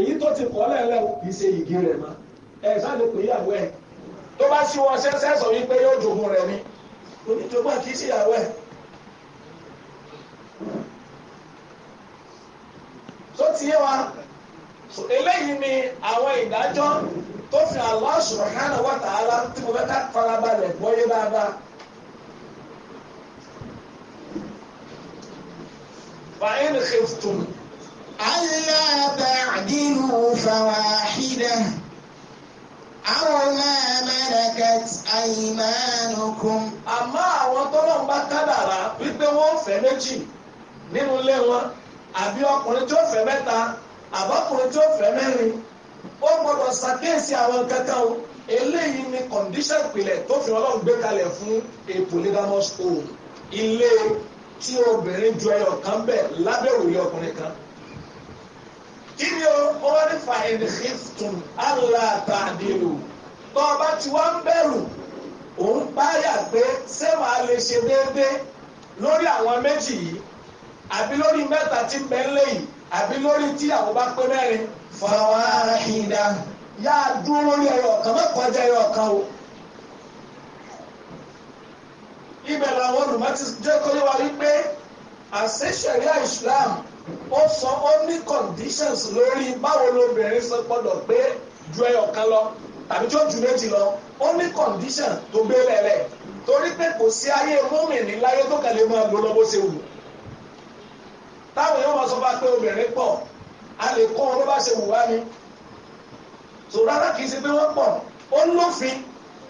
èyí tó ti kọ́ lẹ́lẹ́ kì í ṣe ìgé rẹ̀ mọ́ ẹ̀ sáà lè pè ìyàwó ẹ̀ tó bá sí wọn ṣẹ́ṣẹ́ sọ wípé yóò jogún rẹ̀ ni onítọ́gbà kì í ṣe ìyàwó tó ti yé wa eléyìí ni àwọn ìdájọ́ tó fi Allah subhanahu wa ta'ala tí mo fẹ́ ká farabalẹ̀ gbọ́yé dáadáa. fàáyín ni kìftùn. ألا تعدلوا فواحدة أو ما àmọ́ àwọn tọ́lọ́run bá kádàrá wípé wọ́n fẹ́ méjì nínú ilé wọn àbí ọkùnrin tó fẹ́ mẹ́ta àbọ́kùnrin tó fẹ́ mẹ́rin ó gbọ́dọ̀ ṣàkíyèsí àwọn kankan o eléyìí ni condition ìpìlẹ̀ tó fi ọlọ́run gbé kalẹ̀ fún a polygamous home ilé tí obìnrin ju ẹyọ kan bẹ̀ lábẹ́ ọkùnrin kan. kíni o wọ́n wá ní fàhìn hìftùn aláàtàdìrò tó o bá ti wá ń bẹ̀rù òun báyà pé ṣé wàá lè ṣe déédéé lórí àwọn méjì yìí àbí lórí mẹ́ta tí ń bẹ lẹ́yìn àbí lórí tí àwọn bá pé mẹ́rin fàwọn àhìnà yáa dúró lórí ẹyọ ọ̀kan má kọjá ẹyọ ọ̀kan o. ibẹ̀ làwọn olùmọ̀ jẹ́ kó yé wa wípé àṣẹ ṣẹ̀ríà Islam ó sọ ó ní conditions lórí báwo lóbìnrin ṣe gbọ́dọ̀ gbé ju ẹyọ kan lọ tàbí tó ju méjì lọ ó ní condition tó gbé lẹ́lẹ̀ torí pé kò sí ayé mọ́mìnì láyé tó kẹlẹ́ máa lò lọ́wọ́ ṣe wù táwọn yóò máa sọ bá pé obìnrin pọ̀ a lè kọ́ ọ ló bá ṣe wù wá ni tò rárá kì í ṣe pé wọ́n pọ̀ ó ń lófin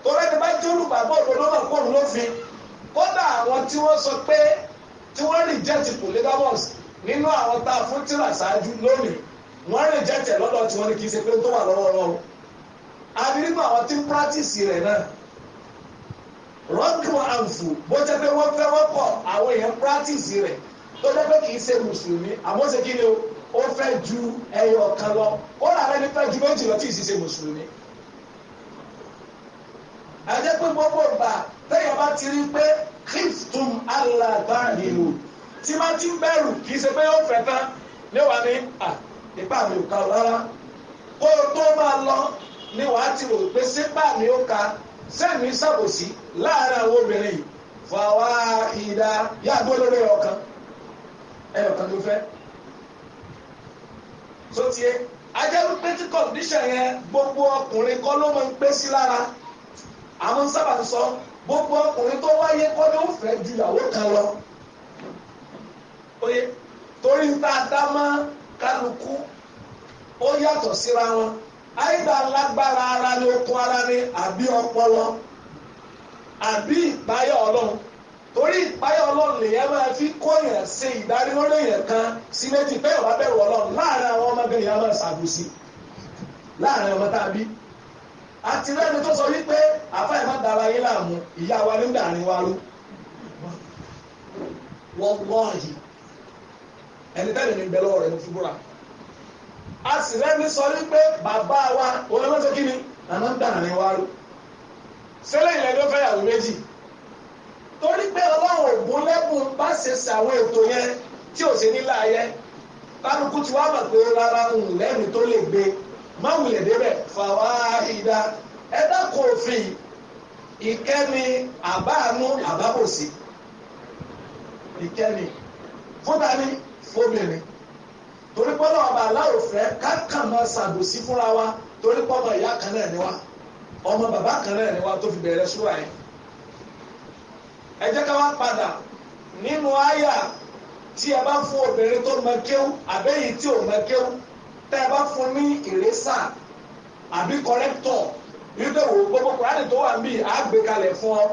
torí ẹni bá jẹ́ olùgbàgbọ́ òdodo náà ń lófin kódà àwọn tí wọ́n sọ pé tí wọ́n reject polygamous nínú àwọn tá a fún tíra ṣáájú lónìí wọ́n rìn jẹ́jẹ́ lọ́dọ̀ tí wọ́n ní kì í ṣe pé tó wà lọ́wọ́ wọn o àbí nínú àwọn tí ń pírátìsì rẹ̀ náà rọ́ọ̀kì wọn àǹfù bó jẹ́ pé wọ́n fẹ́ wọ́pọ̀ àwọn èèyàn pírátìsì rẹ̀ tó jẹ́ pé kì í ṣe mùsùlùmí àmọ́ ṣe kí ni o ó fẹ́ ju ẹyọ kan lọ ó rà rẹ́ni fẹ́ ju méjì lọ tí ì ṣe mùsùlùmí. àjẹpẹ́ gbogbo ìgbà tẹ́yọ̀ bá ti rí pé kíftùm alágbáhìnrún tí má ti ń bẹ̀rù kì í ṣe pé yóò fẹ́ tán níwà ní à ipá mi ò ka rárá kó o tó máa lọ ni wàá ti rò pé sípà mi ò ka sẹ́mi ṣàbòsí láàárín àwọn obìnrin yìí fàwa ìdá yàgbó lórí ọkàn ẹyọkan tó fẹ́ tó tiẹ̀ ajá wípé tí kọ̀ǹdíṣàn yẹn gbogbo ọkùnrin kọ́ ló máa ń pé sí lára àwọn sábà ń sọ gbogbo ọkùnrin tó wáyé kọ́ ló ń fẹ́ ju ìyàwó kan lọ. torí ń ó yàtọ̀ síra wọn àìgbà lágbára ara ni okun ara ni àbí ọpọlọ àbí ìpáyà torí ìpáyà ọlọ́run lèyẹn máa fi ṣe kan sí méjì bẹ́ẹ̀ láàrin àwọn yẹn máa láàrin ọmọ tá a bí àti tó àfáì má dara yín ìyá wa nígbà wa ẹni bẹ́ẹ̀ ni bẹ́ẹ̀ lọ́wọ́ rẹ̀ ló fi búra a sì lẹ́ni sọ wípé bàbá wa olóńgbò kí ni nàná ń dànù ní wàá rú sẹ́lẹ̀ ilẹ̀ ló fẹ́ yàwó méjì torí pé ọlọ́run ògùn lẹ́bùn bá ṣe ṣe àwọn ètò yẹn tí ò ṣe nílá ayẹ kálukú ti wá mọ̀ pé rárá ń lẹ́nu tó lè gbé máwùlẹ̀ débẹ̀ fàwa ìdá ẹ̀dá kò fi ìkẹ́ni àbáàánú àbábòsí ìkẹ́ni fúnta fóbìnrin torí pọ́nà ọba aláwọ̀ fẹ́ káàkà máa ṣàdòsí fúnra wa torí pọ́nà ìyá kan náà ni wa ọmọ bàbá kan náà ni wa tó fi bẹ̀rẹ̀ súra yẹn. ẹ jẹ́ ká wá padà nínú àyà tí ẹ bá fún obìnrin tó mọ kéwú àbẹ́yìí tí ò mọ kéwú tẹ́ ẹ bá fún ní ìrẹ́sà àbí kọ́lẹ́tọ̀ wípé wò gbogbo kùránì tó wà ń bì á fún ọ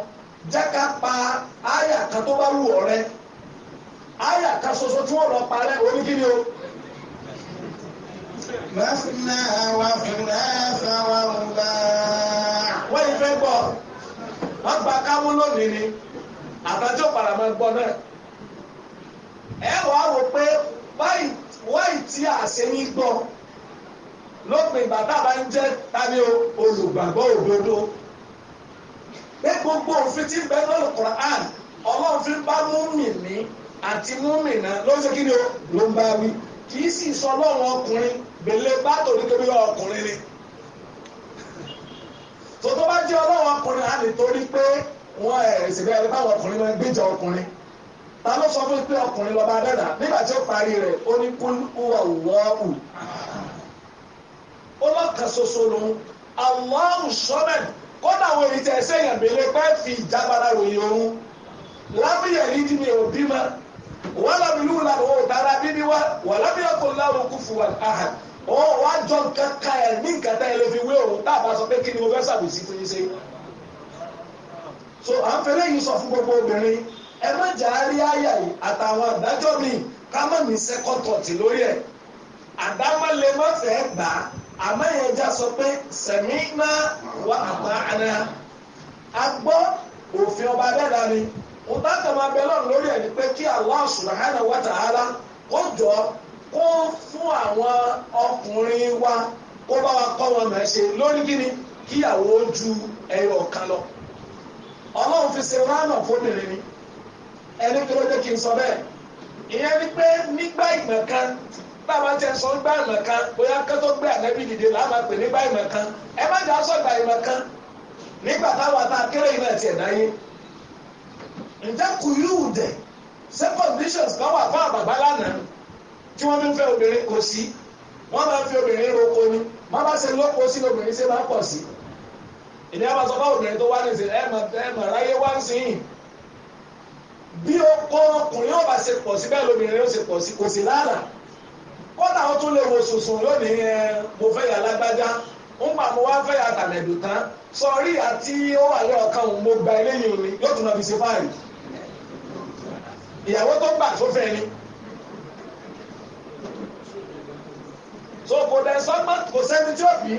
jẹ́ ká pa àyà kan tó bá wù ọ rẹ àyà kan tí wọ́n lọ o. Màsínà wà fúnra sáwà wùlá. Wọ́n yìí fẹ́ gbọ́, wọ́n gba káwó lónìí ni, àtàjọ́ paramọ̀ gbọ́ náà. Ẹ wàá wò pé wáyì tí a ṣe ní gbọ́ bá ń jẹ́ tani olùgbàgbọ́ òdodo gbogbo òfin tí ń bẹ ọlọ́run fi bá mú mi àti múmìnà ló ń ṣe kí ni o ló ń bá wí kì í sì sọ lọ́wọ́ ọkùnrin gbèlè bàtò nítorí ọkùnrin ni tó bá jẹ́ ọlọ́wọ́ ọkùnrin á lè torí pé wọ́n ẹ̀sìn bẹ́ẹ̀ báwọn ọkùnrin máa ń gbéjà ọkùnrin ta ló sọ fún pé ọkùnrin lọ́ba dẹ́dà nígbà tí ó parí rẹ̀ ó ní kún wà wọ́ọ̀hù ó lọ́kàn ṣoṣo lòun Allahu sọ́mẹ̀ kódà wo èyí tẹ̀ ẹ̀sẹ̀ yàn bèlè pẹ́ fi ìjábára ròyìn òun lábìyẹ̀ yìí ni òbí máa. wala mi yula o dara bi wa wala mi yakun lahu kufuwan ahad o wa jọ kaka ẹ ní nkata ẹ lè fi wé o tá a bá sọ o kí ni mo fun sàbòsí fún so à ń fẹ́rẹ́ yìí sọ fún gbogbo obìnrin ẹ ma jà á rí àyà yìí àtàwọn àdájọ́ mi ká má ní second thought lórí ẹ̀ àdámọ́ lè má fẹ́ gbà á wà àná a gbọ́ òfin ọba dẹ́dá ni. mo bá kà lórí ẹ̀ pé kí Allah subhanahu wa ta'ala kó jọ kó fún àwọn ọkùnrin wa kó bá wa kọ́ wọn ṣe lórí kíni kíyàwó ju ẹyọ kan lọ ọlọ́run fi ṣe fóbìnrin ni ẹni ni pé nígbà ìgbà kan sọ kan bóyá gbé dìde máa pè nígbà kan ẹ má jà sọ ìgbà kan nígbà táwa tá a kéré ǹjẹ́ kù yóò dẹ̀ ṣé conditions kan wà fún àgbàgbà lánàá tí wọ́n fi ń fẹ́ obìnrin kò sí wọ́n máa ń fi obìnrin roko ni má bá ṣe lóko sí lóbìnrin ṣe máa ń pọ̀ sí ìdí àbá sọ fún obìnrin tó wá ní ṣe ẹ̀mọ̀ ẹ̀mọ̀ ráyé wá ń sìn yìí bí oko ọkùnrin ọba ṣe pọ̀ sí bẹ́ẹ̀ lóbìnrin ó ṣe pọ̀ sí kò sí lánàá kọ́nà ó tún lè wo sùsùn lónìí ẹ mo fẹ́ yà lágbájá ń pa mo wá fẹ́ yà tàmẹ̀dù tán sọrí àti ó wà ní ọ̀kan òun mo gba eléyìí òní yóò tún lọ fi ṣe fáàrí ìyàwó tó gbà tó fẹ́ ni. so kò dẹ̀ sọ́gbọ́n kò sẹ́ni tí ó bí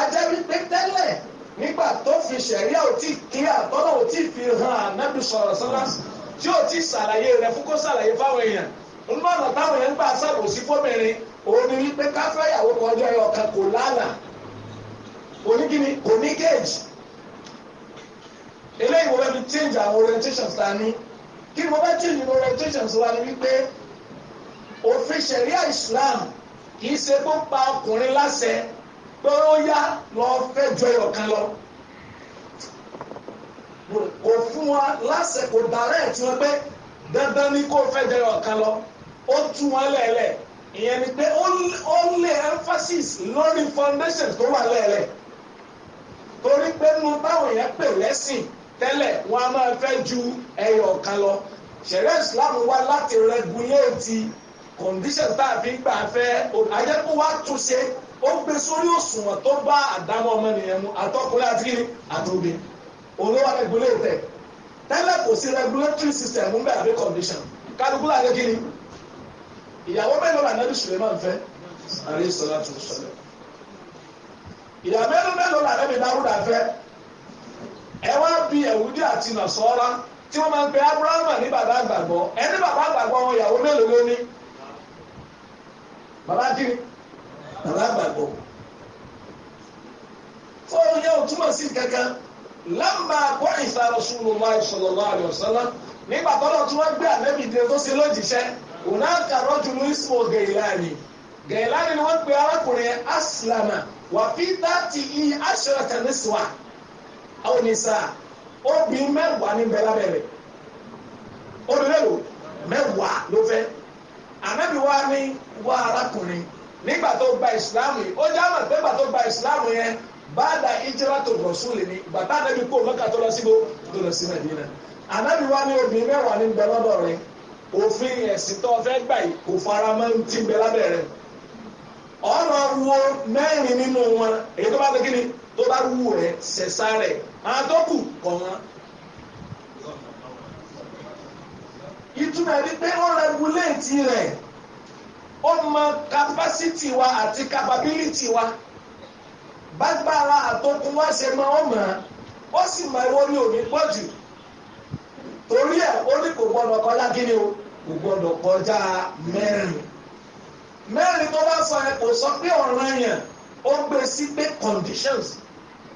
ajẹ́ wípé tẹ́lẹ̀ nígbà tó fi ṣẹ̀ríà ò tí kí àtọ́nà ò tí fi hàn ànábì sọ̀rọ̀ sọ́lá tí ò tí ṣàlàyé rẹ̀ fún kó ṣàlàyé fáwọn èèyàn nínú ọ̀nà táwọn èèyàn gbà ṣàbòsí fómìnrin òun ni wípé káfẹ́yàwó kan ọjọ́ ẹ̀yọ̀ kan kò lánàá kò ní kíni kò ní géèjì eléyìí wọ́n fi change our orientation ta ní kí mo bá change mo wa ni wípé òfin ṣẹ̀ríà Islam kì í ṣe kó pa ọkùnrin láṣẹ pé ó yá lọ fẹ́ jọ ẹyọkan lọ kò fún wa láṣẹ kò dàrẹ́ tí wọ́n pé dandan ni kó fẹ́ jọ ẹyọkan lọ ó tú wọn lẹ́ẹ̀lẹ́ ìyẹn ni pé ó lé emphasis lórí foundation tó wà lẹ́ẹ̀lẹ́ torí pé mo báwọn yẹn pè lẹ́sìn tẹ́lẹ̀ wọ́n a máa fẹ́ ju ẹyọ ọ̀kan lọ ṣẹ̀rẹ́ Islam wá láti rẹguléètì conditions tá a fi ń gbà fẹ́ ajẹ́kú wá túnṣe ó gbé sórí òṣùwọ̀n tó bá àdámọ́ ọmọnìyàn mu àtọkùnrin àti kiri àtòbí olówó rẹguléètì tẹ́lẹ̀ kò sí regulatory system ń bẹ̀ àbí condition kálukú láti kiri ìyàwó mélòó là nàbí Suleiman fẹ́ àrí sọlá tó sọlẹ̀ ìyàwó mélòó mélòó là nàbí Dáúdà fẹ́. ẹ bi bí àti nàṣọ́ra tí wọ́n máa ń pe abrahamu ní bàbá àgbàgbọ́ ẹni bàbá àgbàgbọ́ wọn ìyàwó mélòó ló ní bàbá kí ni bàbá àgbàgbọ́ ò túmọ̀ sí kankan lámbà àgbọ̀ Rasulullah sallallahu alaihi wasallam nígbà tó tí wọ́n gbé àlẹ́bí ìdílé tó ṣe òun á àwọn nìsa obì mẹ́wàá ní bẹ́ẹ̀ obi olùdẹ́wò mẹ́wàá ló fẹ́ ànábì wa ní wá arákùnrin nígbà tó gba ìsìláàmù yìí ó jáwọ́ nígbà tó gba ìsìláàmù yẹn báàdà ìjẹ́ra tó rọ̀ lè ní bàtà kó lọ tó lọ sí Nàìjíríà wa ní obì mẹ́wàá ní bẹ́ẹ̀ lọ́dọ̀ òfin ẹ̀sìn tó fẹ́ gbà yìí kò fara mọ́ ti bẹ́ẹ̀ lábẹ́rẹ́ ọ̀rọ̀ wo mẹ́rin nínú tó bá wù ẹ́ ṣẹ̀ṣá rẹ̀ àwọn tó kù kọ̀ wọ́n. ìtumọ̀ ẹni pé ó rẹguléètì rẹ̀ ó mọ kapásítì wa àti kapabílítì wa bágbára àtọkùn wa ṣe mọ ọmọ ó sì mọ ìwọ ní òní pọ̀ jù torí ẹ̀ ó ní kò gbọ́dọ̀ kọjá kíni o kò gbọ́dọ̀ kọjá mẹ́rin mẹ́rin tó bá sọ ẹ kò sọ pé ọ̀ràn yẹn ó gbé sí pé conditions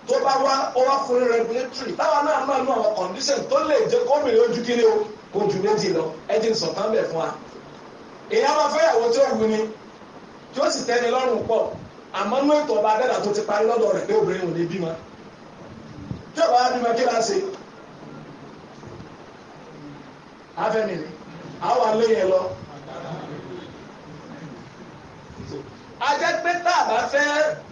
tó bá wá ó wá fún regulatory táwa náà náà ní àwọn condition tó lè jẹ kómìnir ojú kiri o kò ju méjì lọ ẹ ti sọ tán bẹ̀ fún wa. èèyàn máa fẹ́ ìyàwó tí ó wù ni tí ó sì tẹ́ni lọ́rùn pọ̀ àmọ́ inú ètò ọba adẹ́dà tó ti parí lọ́dọ̀ rẹ̀ pé obìnrin ò ní bímọ tí ọba á bímọ kí láá ṣe afẹ́mi ni àwọn alẹ́ yẹn lọ. ajẹ́ pé tá a bá fẹ́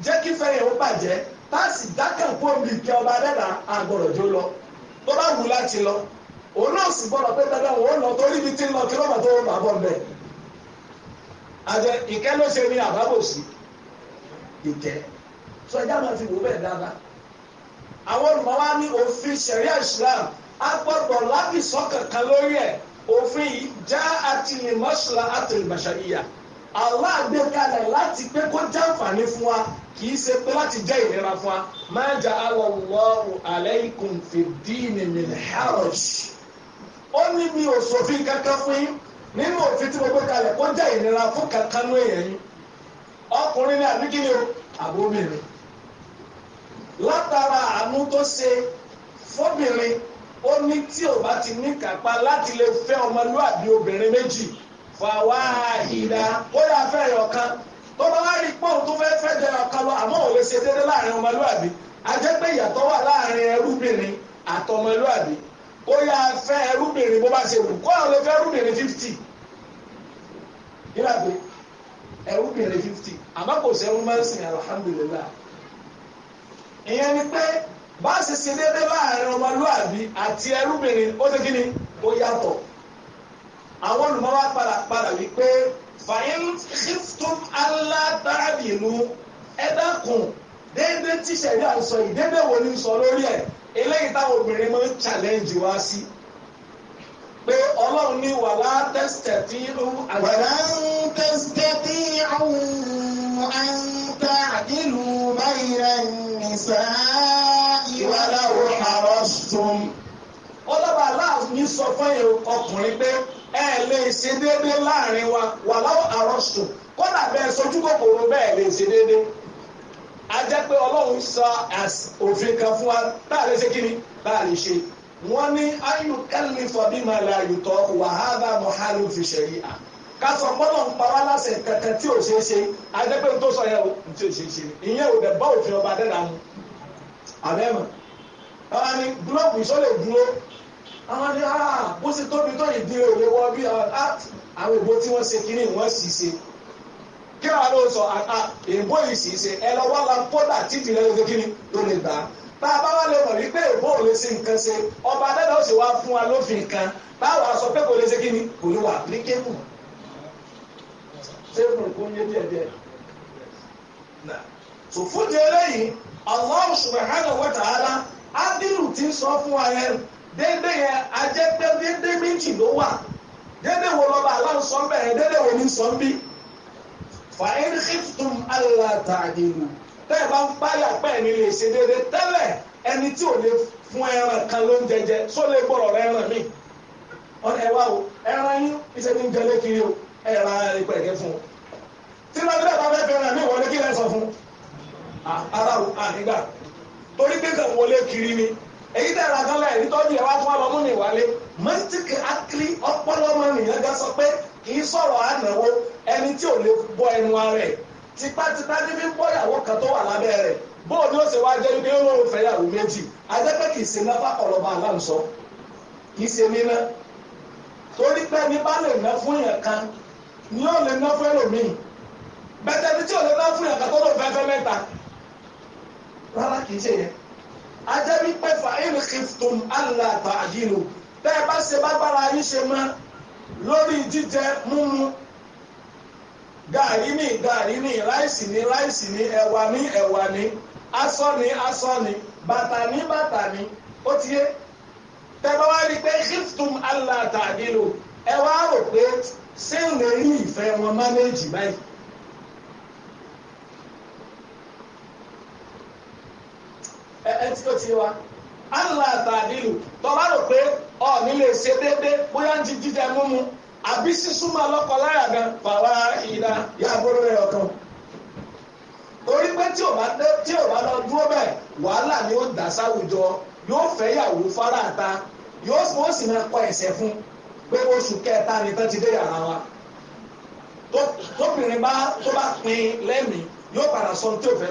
jẹ́ kí fẹ́ yẹn ó bàjẹ́ táàsì dákàpọ̀ mi kẹ́ ọba dẹ́dà àgbọ̀rọ̀jó lọ tó bá wù láti lọ òun náà sì gbọ́dọ̀ pé dandan òun lọ torí ibi tí ń lọ kí lọ́mọ tó ń bàbọ̀ ń bẹ̀. àjẹ ìkẹ́ ló ṣe ní àbábòsí ìkẹ́ sọ ẹja máa fi wò bẹ́ẹ̀ dáadáa. àwọn olùmọ̀ wa ní òfin ṣẹ̀ríà Islam á gbọ́dọ̀ láti sọ́kàn kan lórí ẹ̀ òfin yìí já àti ìmọ̀ṣúra àti ìbàṣàyíyà Allah gbé kalẹ̀ láti pé kó jàǹfààní fún wa kì í ṣe pé láti jẹ́ ìlera fún wa máa jà Ọrụ Alẹ́ fìdíìnì min haraj ó ní mi ò sòfin kankan fún yín nínú òfin tí mo gbé kalẹ̀ kó jẹ́ ìlera fún kankan ló yín ọkùnrin ní àbíkíni o látara àánú tó ṣe fóbìnrin ó ní tí ò bá ti ní kápá láti lè fẹ́ tó bá wá rí pọ́ùn tó fẹ́ fẹ́ jẹ ọ̀kan lọ àmọ́ òwe ṣe dédé láàrin ọmọlúwàbí a jẹ́ pé ìyàtọ̀ wà láàrin ẹrúbìnrin àtọmọlúwàbí kó yá fẹ́ ẹrúbìnrin bó bá ṣe wù kó àwọn lè fẹ́ ẹrúbìnrin fifty nígbà pé ẹrúbìnrin fifty àmọ́ kò sẹ́rú máa ń sìn alhamdulillah ìyẹn ni pé bá a ṣe ṣe dédé láàrin ọmọlúwàbí àti ẹrúbìnrin ó ṣe kí ni ó yàtọ̀ àwọn olùmọ̀ wá padà padà wípé fàyín ṣìtún alátàbìlú ẹ̀dàkùn déédé tíṣẹ̀ yìí à ń sọ yìí déédé wo ni ń sọ lórí ẹ̀ eléyìí táwọn obìnrin máa ń challenge wá sí pé ọlọ́run ní wàlá tẹ́sítẹ̀ tí ó. wàlá tẹ́sítẹ̀ tí òun á ń báyìí nìṣá ìwàlá òun àrọ̀ sùn. ó dábàá láàfin sọ fún ọkùnrin pé. ẹ lè ṣe láàrin wa wà láwọ àrọ́sù kódà bẹ́ẹ̀ sojú kòkòrò bẹ́ẹ̀ lè ṣe a pé ọlọ́run sọ òfin kan fún wa láàrin ṣe kíni láàrin ṣe wọ́n ní ayù ẹ̀lìfọ̀ bí màá la yùtọ̀ wàhálà mọ̀hálù fi ṣẹ̀yí à ká gbọ́dọ̀ ń pa wá láṣẹ kankan tí ò ṣe a pé tó sọ yẹ o tí ò ṣeé ṣe ìyẹn ò dẹ̀ bá òfin ọba dẹ́dà mu àbẹ́mọ̀ báwa ni ìṣọ́lẹ̀ dúró àwọn ní ara ah, bó ṣe tóbi tó ìdí òwe wọ bí ah, ah. àwọn ìbò tí wọ́n ṣe kiri wọ́n sì ṣe kí wàá ló sọ àtà ìbò yìí sì ṣe ẹ lọ wá la kódà títì lẹ́nu tó kiri ló lè gbà á bá a bá wà lè mọ̀ wípé ìbò ò lè ṣe nǹkan ṣe ọba adẹ́dàá ó sì wá fún wa lófin kan báwa sọ pé kò lè ṣe kíni kò ní wà àplíkébù ṣé mo kún yé díẹ̀ díẹ̀ náà tó fún di eléyìí Allah subhanahu wa ta'ala ádìrù ti sọ fún wa yẹn déédé yẹn ajẹ́ pé déédé méjì ló wà déédé wo lọ́ba aláǹsọ́ bẹ̀rẹ̀ déédé wo ní sọ́ bí. fàáyín khiftum alla ta'dilu tẹ́ ẹ bá ń báyà pé ẹ̀mí lè ṣe déédé tẹ́lẹ̀ ẹni tí ò lè fún ẹran kan ló ń jẹjẹ só lè gbọ́rọ̀ rẹ ẹran mi. ọ̀nà ẹ̀wá o ẹran yín iṣẹ́ ní ń jẹ lékiri o ẹran ìpẹ̀kẹ́ fún un. tí lọ́dún ẹ̀ bá fẹ́ fẹ́ràn mi wọlé kí lẹ́ sọ fún un. ara o ànígbà torí pé kàn wọlé kiri ni èyí tẹ̀ ra gan láì nítọ́jú ẹ̀ wá tún wá lọ mú ní ìwálé mọ́tíkì ákírí ọpọlọ ọmọ nìyẹn sọ pé kì í sọ̀rọ̀ ànáwó ẹni tí ò lè bọ ẹnu ara tipátipá ní ìyàwó kan wà lábẹ́ rẹ̀ bóò ni ó ni ó lè ná fún ẹlòmíì bẹ́tẹ̀ ní tí ò lè ná fún yàn kan tó mẹ́ta rárá kì ajẹ́ wípé fàáyìn kìftùm allah ta'adilu bẹ́ẹ̀ bá ṣe bágbára yín ṣe mọ́ lórí jíjẹ múmu gàrí ní gàrí ní ráìsì ní ráìsì ní ẹ̀wà ní ẹ̀wà ní aṣọ ní aṣọ ní bàtà ní bàtà ní ó ti yé tẹ́ wá rí i pé kìftùm allah ta'adilu rò pé ṣé ń lè rí ìfẹ́ wọn mánéèjì báyìí. ẹ tó ti wa allah tàbílù tọ́ba rò pé ọ nílé ṣe déédé bóyá ń ti jíjẹ múmu àbí sísúnmọ́ ọlọ́kọ láyà gan fàwa ìlà yàgbóró rẹ̀ ọ̀tún torí pé tí ò bá tí o bá lọ dúró wàhálà ni ó dà sáwùjọ yóò yàwó yóò fún fún pé oṣù kẹta ni ti dé yàrá wa tóbìnrin bá tó bá pin lẹ́mìí padà sọ tí fẹ́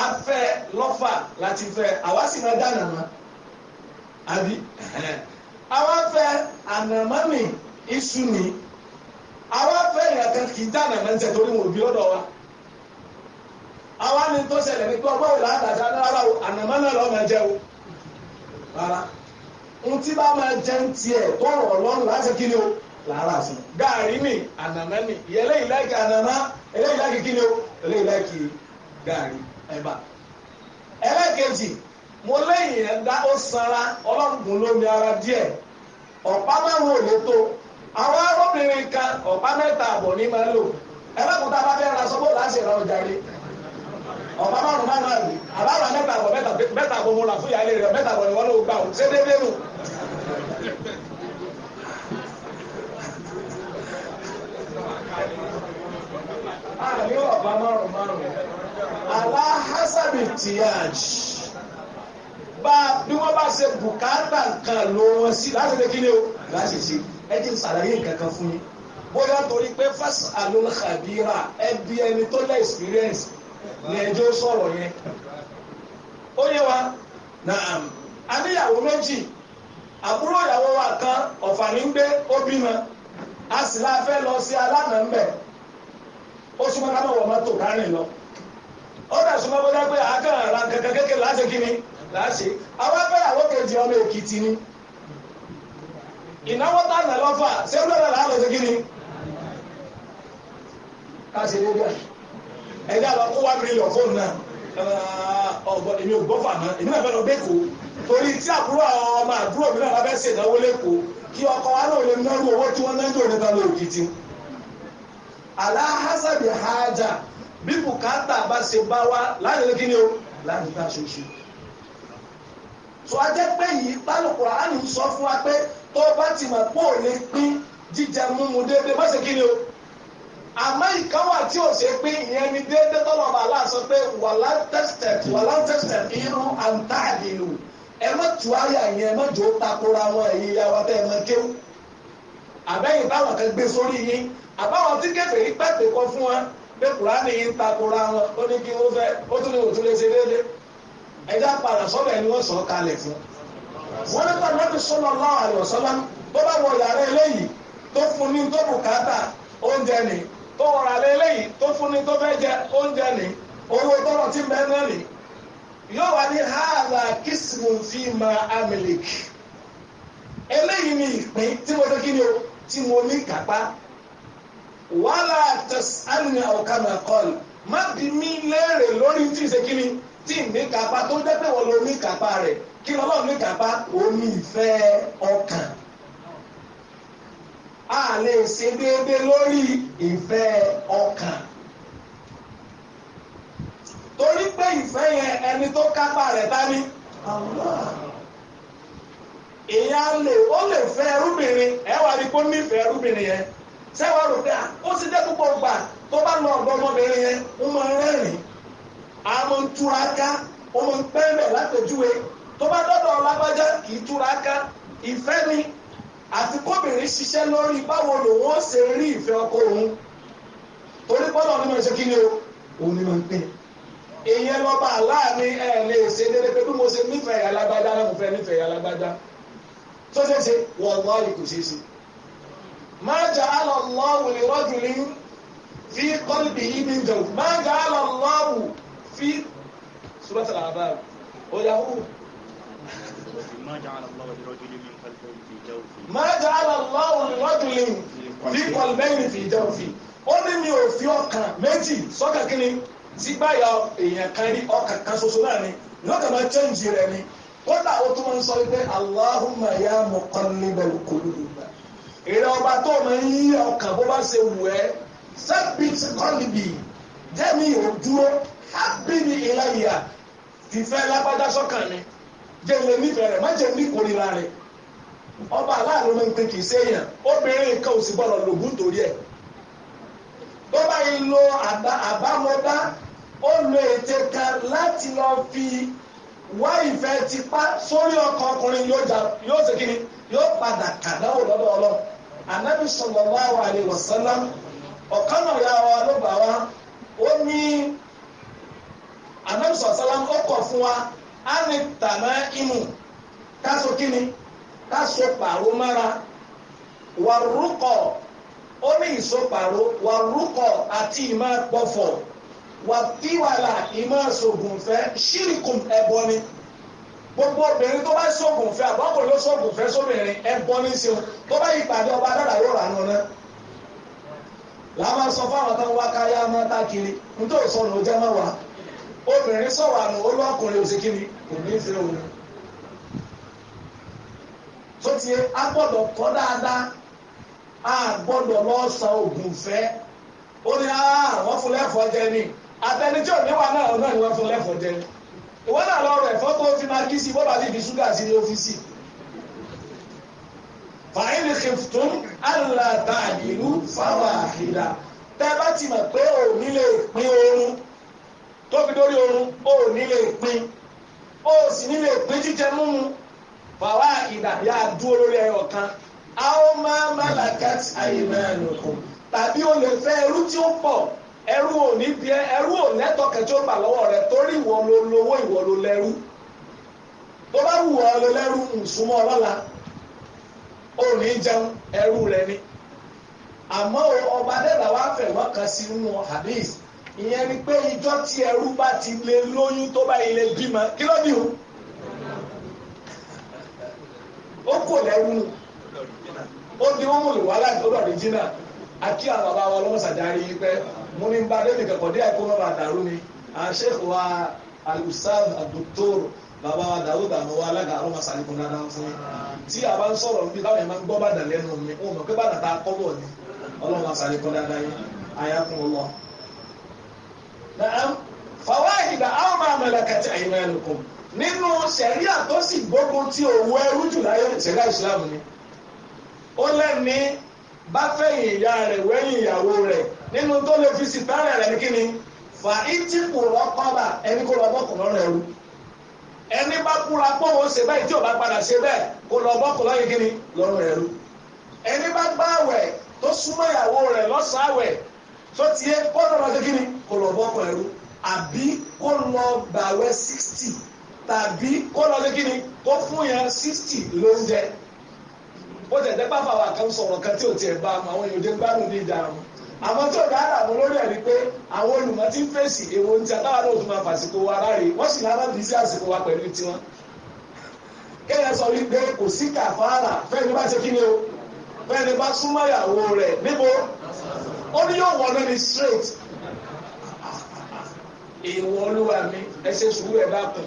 afẹ́ lọ́fà láti fẹ́ àwa sì máa dáná ma àbí àwa fẹ́ ànàmọ́mì iṣu ni àwa fẹ́ ìyàtọ̀ kì í dáná ma ń tẹ̀ torí wọn ò bí ọ̀dọ̀ wa àwa ni tó ṣẹlẹ̀ ní pé ọgbọ́n wò láàdájá rárá o ànàmọ́ náà lọ́ọ́ máa jẹ o rárá n tí bá máa jẹ ń tiẹ̀ tọrọ ọlọ́run láti kí ni o làárà fún un gààrí mi ànàmọ́ mi ìyẹlẹ́yìn láìkì ànàmọ́ ẹlẹ́yìn láìkì kí ni o ẹlẹ́yìn láìkì gààrí ẹ̀bà ẹlẹ́kejì mo lẹ́yìn ẹ̀dá ó sanra ọlọ́run lómi ara díẹ̀ ọ̀pá márùn-ún ò ló tó àwọn arábìnrin kan ọ̀pá mẹ́ta àbọ̀ ní máa lò ẹlẹ́kùnrin tá a bá fẹ́ ra sọ́kò láti ra ọjà rí ọ̀pá márùn-ún márùn-ún àbí àbára mẹ́ta àbọ̀ mẹ́ta àbọ̀ mo là fún ìyáálé rẹ̀ mẹ́ta àbọ̀ ni wọ́n ló ó ṣé déédéé nù. àní ọ̀pá márùn aláhásábì tìyàjì bá bí wọ́n bá ṣe bùkátà kan ló wọn sí láti lè kíni o láti ṣe ẹ jẹ́ ìsàlàyé nǹkan kan fún yín bóyá torí pé fásitì alóńkàbíra ẹ bí ẹni tó lẹ́ experience ní ẹjọ́ sọ̀rọ̀ yẹn ó yẹ wa naam a níyàwó méjì àbúrò ìyàwó wa kan ọ̀fà ní gbé ó bímọ a sì láfẹ́ lọ sí alánà ń bẹ̀ ó súnmọ́ ká mọ̀ wọ́n mọ́tò kárìn lọ. ọ̀dà súnmọ́ pé àkàrà kankan láti kí ni láti àwọn àwọn kejì ọmọ èkìtì ni ìnáwó tá a nà lọ́fà sẹ́wúrẹ́ rẹ̀ láàrọ̀ sí kí ni káṣí ní kó wá mílíọ̀n fóònù náà èmi ò èmi náà lọ torí tí àbúrò ọmọ àbúrò mi náà lábẹ́ lẹ́kọ̀ọ́ kí ọkọ̀ wa náà lè náwó owó tí náà ń aláhásábì hájà bí bùkátà bá ṣe bá wá láàrin kí ni o láàrin bá ṣoṣo tó a jẹ́ pé yìí pálùkù àánú sọ fún wa pé tó bá ti mọ̀ pé ò lè pín jíjẹ múmu déédéé má ṣe kí ni o àmọ́ ìkan wà tí ò ṣe pé ìyẹn ni déédéé tọ́lọ̀ bá aláà sọ pé wàlá tẹ́sítẹ̀ wàlá tẹ́sítẹ̀ irun àǹtáàdì lò ẹ má tu àyà yẹn ẹ má jò ó takora wọn èyí ya wa tẹ́ ẹ má kéwù àbẹ́yìn báwọn kan gbé sórí yín àbáwọn tí kẹfẹ́ yìí pẹ́ẹ́pẹ́ pé kùránì yìí ń takora wọn ó ní kí wọ́n fẹ́ ó tún ní òtún lè ṣe déédé ẹja padà sọ́dọ̀ ẹni wọ́n sọ kalẹ̀ fún wọn nípa nàbì sallallahu alaihi wasallam tó bá wọ yàrá eléyìí tó fún ní tó bùkátà oúnjẹ ni tó wọra lé eléyìí tó fún ní tó fẹ́ jẹ oúnjẹ ni owó tọrọ tí bẹ́ẹ̀ náà ni yóò wá ní hàlà kìsìmù fi máa amìlìkì eléyìí ni ìpín tí mo fẹ́ kí ni o tí mo ní kápá wàhálà tẹ̀sán ọ̀kà máa kọ́ ni má bi mí léèrè lórí tí ìṣe kí ni tí ní kápá tó jẹ́ pé wọ́n lo ní kápá rẹ̀ kí lọ́lọ́ ní kápá omi ìfẹ́ ọkàn a lè ṣe déédéé lórí ìfẹ́ ọkàn torí pé ìfẹ́ yẹn ẹni tó kápá rẹ̀ bá ní èèyàn lè ó lè fẹ́ ẹrúbìnrin ẹ wà ní kó nífẹ̀ẹ́ ẹrúbìnrin yẹn sẹ́wọ̀n rò pé ah, ó ti dé púpọ̀ gbà tó bá lọ ọ̀dọ́ ọmọbìnrin yẹn ó máa ń rẹ́rìn-ín àmọ́ ń túra ká ó máa ń pẹ́ mẹ́ látọ̀júwe tó bá dọ́dọ̀ ọlábájá kì í túra ká ìfẹ́ ni àti kóbìnrin ṣiṣẹ́ lórí báwo lòun ó ṣe rí ìfẹ́ ọkọ òun torí bọ́lá ọ̀nà ìṣe kí ni o òun ni máa ń pè é ìyẹn lọ́ba aláàánú ẹ lè ṣe dédé pé bí mo ṣe nífẹ̀ẹ́ alágbádá náà mo fẹ́ nífẹ̀ẹ́ alágbádá tó ṣeé ṣe wọ́n wọ́n àlè ما جعل الله لرجل في قلبه من زوج ما جعل الله في سورة الأعراف وله ما جعل الله لرجل من قلبين في جوفه ما جعل الله لرجل في قلبين في جوفه ó ní mi ò fi ọkàn méjì sọ́kàn kí ni sí báyà èèyàn kan rí ọkàn kan ṣoṣo náà ni lọ́kàn máa chẹ́ǹjì rẹ̀ ni kódà ó tún sọ wípé Allahumma ya muqallibal èrè ọba tó mọ yí ọkàn bó bá ṣe wù ẹ́ sẹ́pìtì kọ́lìbì jẹ́mi ò dúró ábìbì ìlàyà ìfẹ́ lágbájá sọ́kàn ni jẹ́ ilé nífẹ̀ẹ́ rẹ̀ má jẹ́ ní ìkórira rẹ̀ ọba aláàlú mi ń pe kì í séèyàn obìnrin nǹkan ò sì gbọ́dọ̀ lògùn torí ẹ̀ tó bá yìí lo àbámọ́dá ó lo ète kan láti lọ fi wá ìfẹ́ tipá sórí ọkọ ọkùnrin yóò ṣe kí ni yóò padà lọ́dọ̀ ọlọ́run. anabi sallallahu alayhi wa sallam ọ̀kan ọ̀yà wa ló gbà wá ó ní anabi sallallahu wa sallam fún wa á ní tàná imú káso kíni káso pàrọ̀ mára wà rúkọ ó ní ìsopàrọ̀ wà wà tíwàlà ṣírìkùn gbogbo obìnrin tó bá ṣoògùn fẹ́ àbọ̀kùnrin ló ṣoògùn fẹ́ sóbìnrin ẹ̀bọ ní ṣeun tó bá ìpàdé ọba dára yóò rà nù náà làwọn sọ fáwọn tó ń wá kiri nítorí jẹ́ máa wà obìnrin kò ní tó ti a kọ́ dáadáa lọ fẹ́ ó ní àwọn fúnlẹ́fọ̀ jẹ ni náà ìwọ náà lọ rẹ̀ fọ́tò fi máa kí sí bọ́lá ti fi ṣúgà sí ní ọ́fíìsì fàáyìn lè kìftún alàdà ìlú fáwà àhìlà tẹ́ bá ti mọ̀ pé ò ní lè pín oorun tó fi dórí oorun ò ní pín ó sì ní pín jíjẹ múmu fàwà àhìlà yà á dúró lórí ẹyọ kan a máa má làkàtì àyè náà lòkùn tàbí o fẹ́ irú tí ó pọ̀ ẹrú ò ní bí ẹ ẹrú ò nẹ́tọ̀ kẹtí ó gbà lọ́wọ́ rẹ torí ìwọ ló lówó ìwọ ló lẹ́rú tó bá wù ọ ló lẹ́rú nsúmọ́ ọlọ́la ò ní jẹun ẹrú rẹ ni àmọ́ ọba dẹ́gbà wá fẹ̀ wọ́n kan sí inú hadith ìyẹn ni pé ìjọ tí ẹrú bá ti lè lóyún tó bá ilé bímọ kí ló dì o ó kò lẹ́rú ó di wọn mú lò wá láti ó lọ́ọ̀dì jìnnà akí àwọn bàbá wa lọ́wọ́ sàdárí yìí pẹ́ mo ní bá lẹ́nu kẹ̀kọ́ dé àìkú bàbá dàrú ni àṣẹ́kù wa alùsáàf àdókòr bàbá wa dàrú dànù wa alága àrùn màsàlìkùn dáadáa fún yín tí a bá ń sọ̀rọ̀ níbi táwọn ẹ̀ma ń gbọ́ bàdà lẹ́nu mi ó mọ̀ pé bàdà tá a kọ́ bọ̀ ni ọlọ́run màsàlìkùn dáadáa yín àyàkùn lọ. fàwáhìdà àwọn máa mẹ́lẹ̀kẹ́tì àyìnbá ẹnìkan nínú sẹ̀ríà tó sì gbógun tí òwú ẹrú jù láyé sẹ̀ríà ìsìlámù ni ó lẹ́ni bá fẹ̀yìn ìyá rẹ̀ wẹ́yìn ìyàwó rẹ̀ nínú tó lè fi sìtárẹ̀ rẹ̀ ní kíni fà ìtì kò rọ́pàbà ẹni kó lọ bọ́kùn lọ́rùn ẹrú ẹni bá kúra pọ̀ ó ṣe bẹ́ẹ̀ tí ò bá padà ṣe bẹ́ẹ̀ kó lọ bọ́kùn lọ́rùn kíni lọ́rùn ẹrú ẹni bá gbá àwẹ̀ tó súnmọ́ ìyàwó rẹ̀ lọ́sàn-án àwẹ̀ tó ti yẹ kó lọ bọ́kùn kíni kó lọ bọ́kùn ẹrú àbí kó lọ gbàwẹ̀ sixty tàbí kó lọ sixty bó tẹ̀ dẹ́pà fáwọn àkàn sọ̀rọ̀ kan tí ò tiẹ̀ bá mu àwọn èèyàn gbárùn ní ìdá mu àwọn tó dá àrà mú lórí ẹ̀ ni pé àwọn olùmọ̀ ti ń fèsì èwo ń ti àtàwọn náà tún máa fàsìkò wa láre wọ́n sì lára bí sí àsìkò wa pẹ̀lú tiwọn. kéèyàn sọ wípé kò sí kàfàrà fẹ́ni bá ṣe kí ni o fẹ́ni bá súnmọ́ ìyàwó rẹ̀ níbo ó ní yóò wọ́n lórí straight ìwọ olúwa mi ẹ ṣe sùúrù ẹ dákun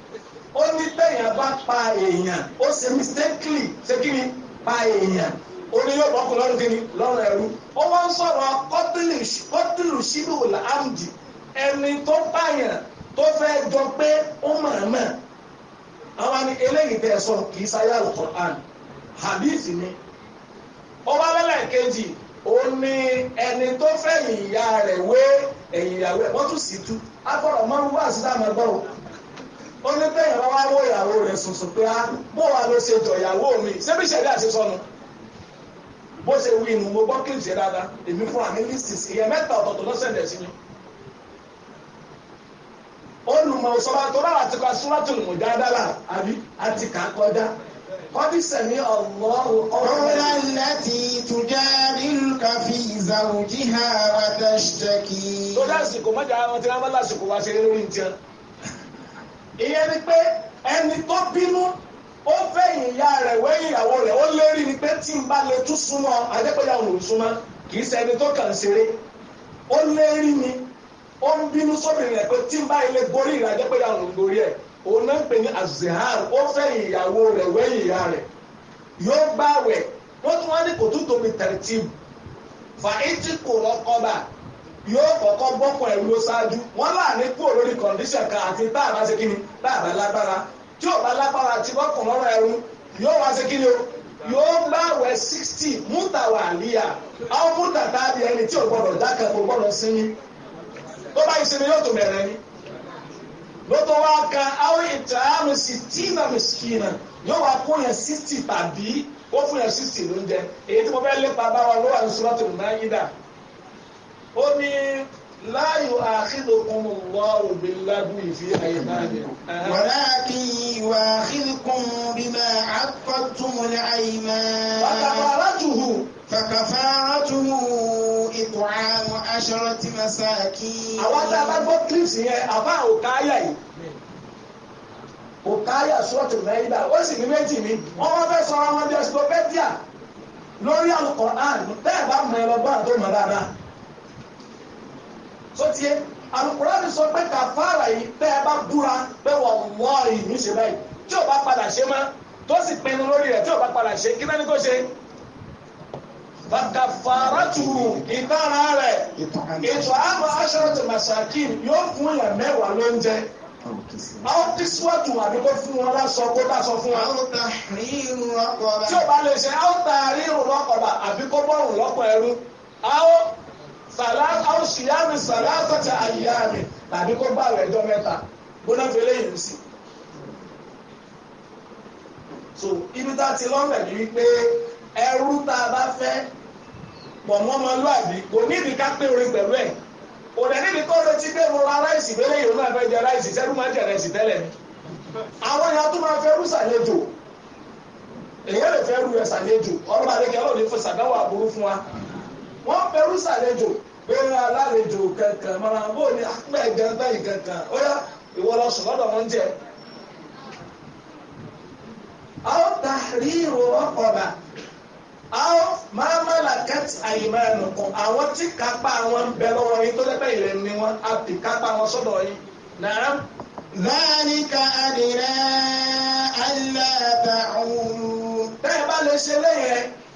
ó ní tẹ̀yàn bá pa èèyàn ó ṣe mistakenly ṣe kí ni pa èèyàn orí yóò bọ́kù lọ́rùn kí ni lọ́rùn ẹ̀rú ó wá ń sọ̀rọ̀ kọ́tìlù sínú làámdì ẹni tó pààyàn tó fẹ́ jọ pé ó mọ̀ọ́mọ̀ àwọn ni eléyìí tẹ̀ sọ kì í sáyà al-Qur'an hadith ni ó wá lẹ́lẹ̀ kejì ó ní ẹni tó fẹ́ yìnyà rẹ̀ wé ẹ̀yìn ìyàwó ẹ̀ wọ́n tún sì tú agbọ́dọ̀ mọ́rú wá sí dáhùn agbọ́rọ̀ ó ní bẹ́ẹ̀ wọ́n wá wó ìyàwó rẹ̀ sùnsùn pé á ah, bó wa ló ṣe jọ ìyàwó mi ṣébí ṣẹ̀dá àti sọnù bó ṣe wí inú mo gbọ́ kí n ṣe dáadáa èmi fún àmì lísìsì ìyẹn mẹ́ta ọ̀tọ̀ọ̀tọ̀ ló ṣẹ̀dẹ̀ sí mi. olùmọ̀ ìṣọba tó rárá ti ka súrátù lùmọ̀ dáadáa àbí àti kà kọjá kọ́bí sẹ̀mí Allahu qawla ìyẹn ni pé ẹni tó bínú ó fẹ̀yìn ìyá rẹ̀ wẹ́yìn ìyàwó rẹ̀ ó lérí ni pé tí n bá lè tún súnmọ́ adépẹ́yà òun ò súnmọ́ kì í tó kàn ṣeré ó lérí ni ó ń bínú sóbìnrin rẹ̀ pé tí n bá lè gorí rẹ̀ adépẹ́yà òun ò gorí ẹ̀ òun náà ń pè ní azehar ó fẹ̀yìn ìyàwó rẹ̀ wẹ́yìn ìyá rẹ̀ yóò gbàwẹ̀ wọ́n tún wá ní kò tóbi yóò kọ́kọ́ bọ́pọ̀ ẹ̀rú ṣáájú wọ́n láàánú kúrò lórí kọ̀ǹdíṣàn kan àti tá a bá ṣe kíni tá a bá lágbára tí ò bá lágbára ti bọ́pọ̀ lọ́rọ̀ ẹ̀rú yóò wá ṣe kíni o yóò gbàwẹ̀ sixty mútàwà àlíyà àwọn mútàtà àbí ẹni tí ò gbọdọ̀ dákẹ́ kò gbọdọ̀ sinmi tó bá ìsinmi yóò tó bẹ̀rẹ̀ ni lótó wá ka àwọn ìtà àmì yóò wá kó yẹn sixty tàbí ó fún yẹn sixty èyí tí mo fẹ́ lépa báwa ló wà ó ní láyò àkídòkun wọ òbí ládùn ìfi àyèmáàdì. wàlá kí ìwà àkídòkun bí máa àkọ́túnmọ̀lẹ̀ àyèmá. fàkàfàràtùhù. fàkàfàràtùhù ipò àwọn aṣọ́rọ̀ tí máa sá kí. àwọn tá a bá gbọ́ clips yẹn àbá òkáyà yìí òkáyà sọ́ọ̀tù náírà ó sì ní méjì ní wọ́n fẹ́ sọ ọmọdé ọ̀sùn lórí àlùkò àn bẹ́ẹ̀ bá mọ ẹ lọ bá àtọ́ mọ̀ dáadáa sọtí yẹ alukurani sọ pé kàfàrà yìí bẹ́ẹ̀ bá búra bẹ́ẹ̀ wọ̀ wọ́ ìlú ṣe báyìí tí o bá padà ṣe mọ́ tó sì pinnu lórí rẹ̀ tí o bá padà ṣe kí lẹ́ni kó ṣe. Bàkàfàrà tùrù ìtara rẹ̀ ètò àmọ́ aṣọ́rọ̀tì màsàkì yóò fún yàn mẹ́wàá lóúnjẹ. Àwọn kìsíwájú àbí kó fún wọn lásọ kó lásọ fún wa. Tí o bá lè ṣe, àwọn tààrí ìrùn lọ́kọ̀ọ̀bà àbí kó bọ́rùn lọ́kọ̀ ẹrú. Àwọn sàlá àwòṣìyàmì sàlá àtàtà àyíyàmì tàbí kó bá rẹ̀ dán mẹ́ta gbóná yìí so ibi tá a ti lọ́nà ni wípé ẹrú tá a bá fẹ́ pọ̀ kò níbi ká pé orin pẹ̀lú ẹ̀ kò dẹ̀ níbi kó retí pé mo ra ráìsì fẹ́lẹ́ yìí náà fẹ́ jẹ ráìsì máa jẹ ráìsì tẹ́lẹ̀ àwọn tó máa fẹ́ lè fẹ́ rú ẹ̀ wọ́n bẹ̀rù sàlejò bẹ́ẹ̀ alálejò kankan mọ́ra bó ni apẹ́ gangan yìí kankan ó yá ìwọ lọ sùn lọ́dọ̀ wọn jẹ. àwọn tàríro ọkọ̀ọ̀bà àwọn máa má làkàtì àyìnbá ẹnìkan àwọn tí kápá wọn bẹ lọ́wọ́ yín tó lẹ́gbẹ̀ẹ́ ìrẹ̀ ni wọ́n á kápá wọn sọ́dọ̀ yín náà. ذلك أدنى ألا تعولوا. bẹ́ẹ̀ bá lè ṣe lẹ́yìn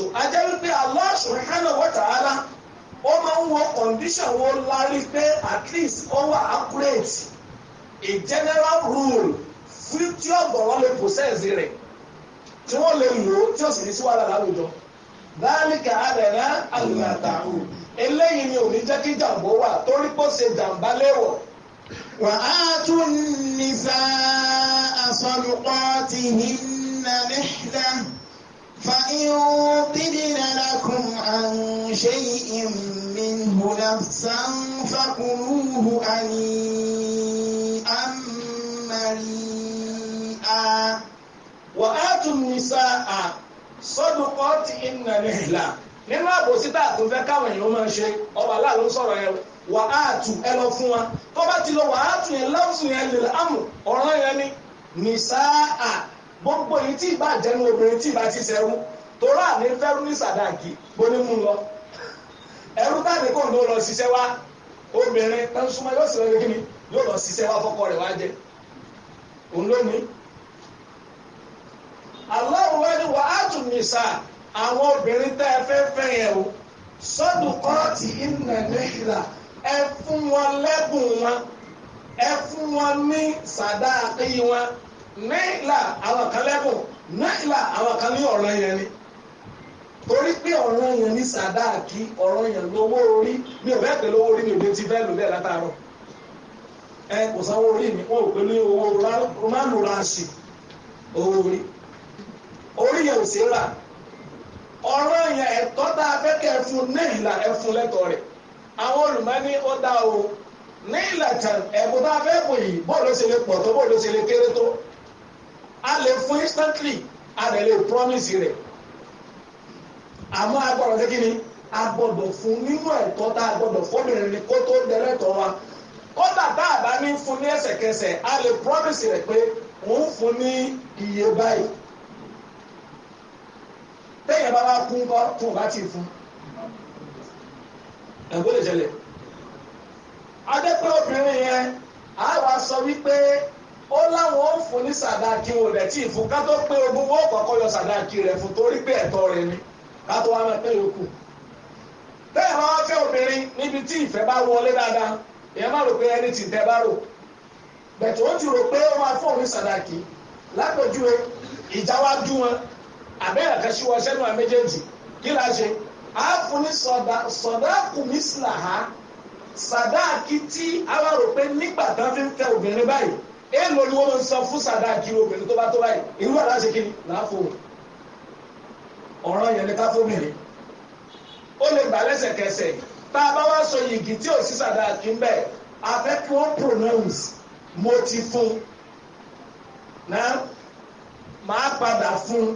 so ajẹ́ wípé Allah subhanahu wa ta'ala ó máa ń wo condition wo lárí pé at least ó wà accurate a general rule fún tí ọ̀gbọ̀n lè process rẹ̀ tí wọ́n lè lò ó tí ó sì ní sí wàhálà láwùjọ láàlìkà àdàrà àlùmàtàhù eléyìí ni òní jẹ́ kí jàǹbó wà torí pé ó ṣe jàǹbá léwọ̀. wà á tún nìsa àsọlùkọ́ tìhín nà فإن تدن لكم عن شيء منه نفسا فكلوه هنيئا مريئا وآتوا النساء صدقاتهن نحلا nínú àbòsí tá a tún fẹ́ káwọn èèyàn máa ṣe ọba aláàlú sọ̀rọ̀ yẹn wà á tù ẹ lọ fún wa tó bá ti lọ wà á tù yẹn lọ́sùn yẹn lè lámù ọ̀ràn yẹn ni nìsáà gbogbo èyí tí ìbá jẹnu obìnrin tí ìbá ti ṣẹrú torá ní fẹ́rú ní sàdáàkì bónímù lọ ẹrú bá ní kò ní lọ ṣiṣẹ́ wá obìnrin tó ń súnmọ́ yóò sì lọ́ọ́ kíni yóò lọ ṣiṣẹ́ wá fọ́kọ rẹ̀ wá òun ló ní. Allahu wa ni wà á tún ní sá àwọn obìnrin tẹ́ ẹ fẹ́ fẹ́ yẹn o sọ́dún kọ́ọ̀tì ìnà nìyíra ẹ fún wọn lẹ́bùn wọn ẹ fún wọn ní sàdáàkì wọn náìlà àwọn kan lẹ́bùn náìlà àwọn kan ní ọ̀rọ̀ yẹn ni torí pé ọ̀rọ̀ yẹn ní sàdáàkì ọ̀rọ̀ yẹn lówó orí mi ò bẹ́ẹ̀ pé lówó orí mi ò bẹ́ẹ̀ ti bẹ́ẹ̀ lò bẹ́ẹ̀ látàárọ̀ ẹ kò sanwó orí mi wọn ò pé ní owó romanu ransi owó orí orí yẹn ò sí rà ọ̀rọ̀ yẹn ẹ̀tọ́ tá a fẹ́ kẹ́ ẹ fún náìlà ẹ fún lẹ́tọ̀ọ́ rẹ̀ àwọn olùmọ́ni ó dá o ní ìlàtàn ẹ̀bùn tá a fẹ́ pò yìí bóòlù ṣe lè pọ̀ tó bóòlù ṣe lè kéré tó a lè fún instantly a lè lè promise rẹ̀ àmọ́ a gbọ́dọ̀ ṣe kí ni a gbọ́dọ̀ fún nínú ẹ̀tọ́ tá a gbọ́dọ̀ fọ́bìnrin ni kó tó dẹ́rẹ́tọ̀ wa kódà tá a bá ní fún ní ẹsẹ̀kẹsẹ̀ a lè promise rẹ̀ pé òun fún ní iye báyìí téèyàn bá bá kú ń bọ́ tó o bá ti fún ẹ̀gbọ́n lè ṣẹlẹ̀ adẹ́pẹ́ obìnrin yẹn a wá sọ wípé. ó láwọn ó fún ní sàdáàkì wọn ò tí ì pé wọn yọ sàdáàkì rẹ fún torí pé ẹ̀tọ́ ni mẹ́tẹ́ yòókù. bẹ́ẹ̀ máa fẹ́ obìnrin níbi tí ìfẹ́ bá wọlé dáadáa ìyẹn má rò pé ẹni bá rò bẹ̀tẹ̀ ó ti rò pé ó máa fún ní sàdáàkì ìjà dún wọn fi ń fẹ́ obìnrin èèlò ni wọ́n máa ń san fún sàdáàkì obìnrin tó bá tó báyìí irú àdá ṣe kí ni láàfo ọ̀ràn yẹn ni ká fóbìnrin ó lè gbà lẹ́sẹ̀kẹsẹ̀ tá a bá wá sọ yìgì tí ò sí sàdáàkì ń bẹ̀ a fẹ́ kí wọ́n pronounce mo ti fún náà màá padà fún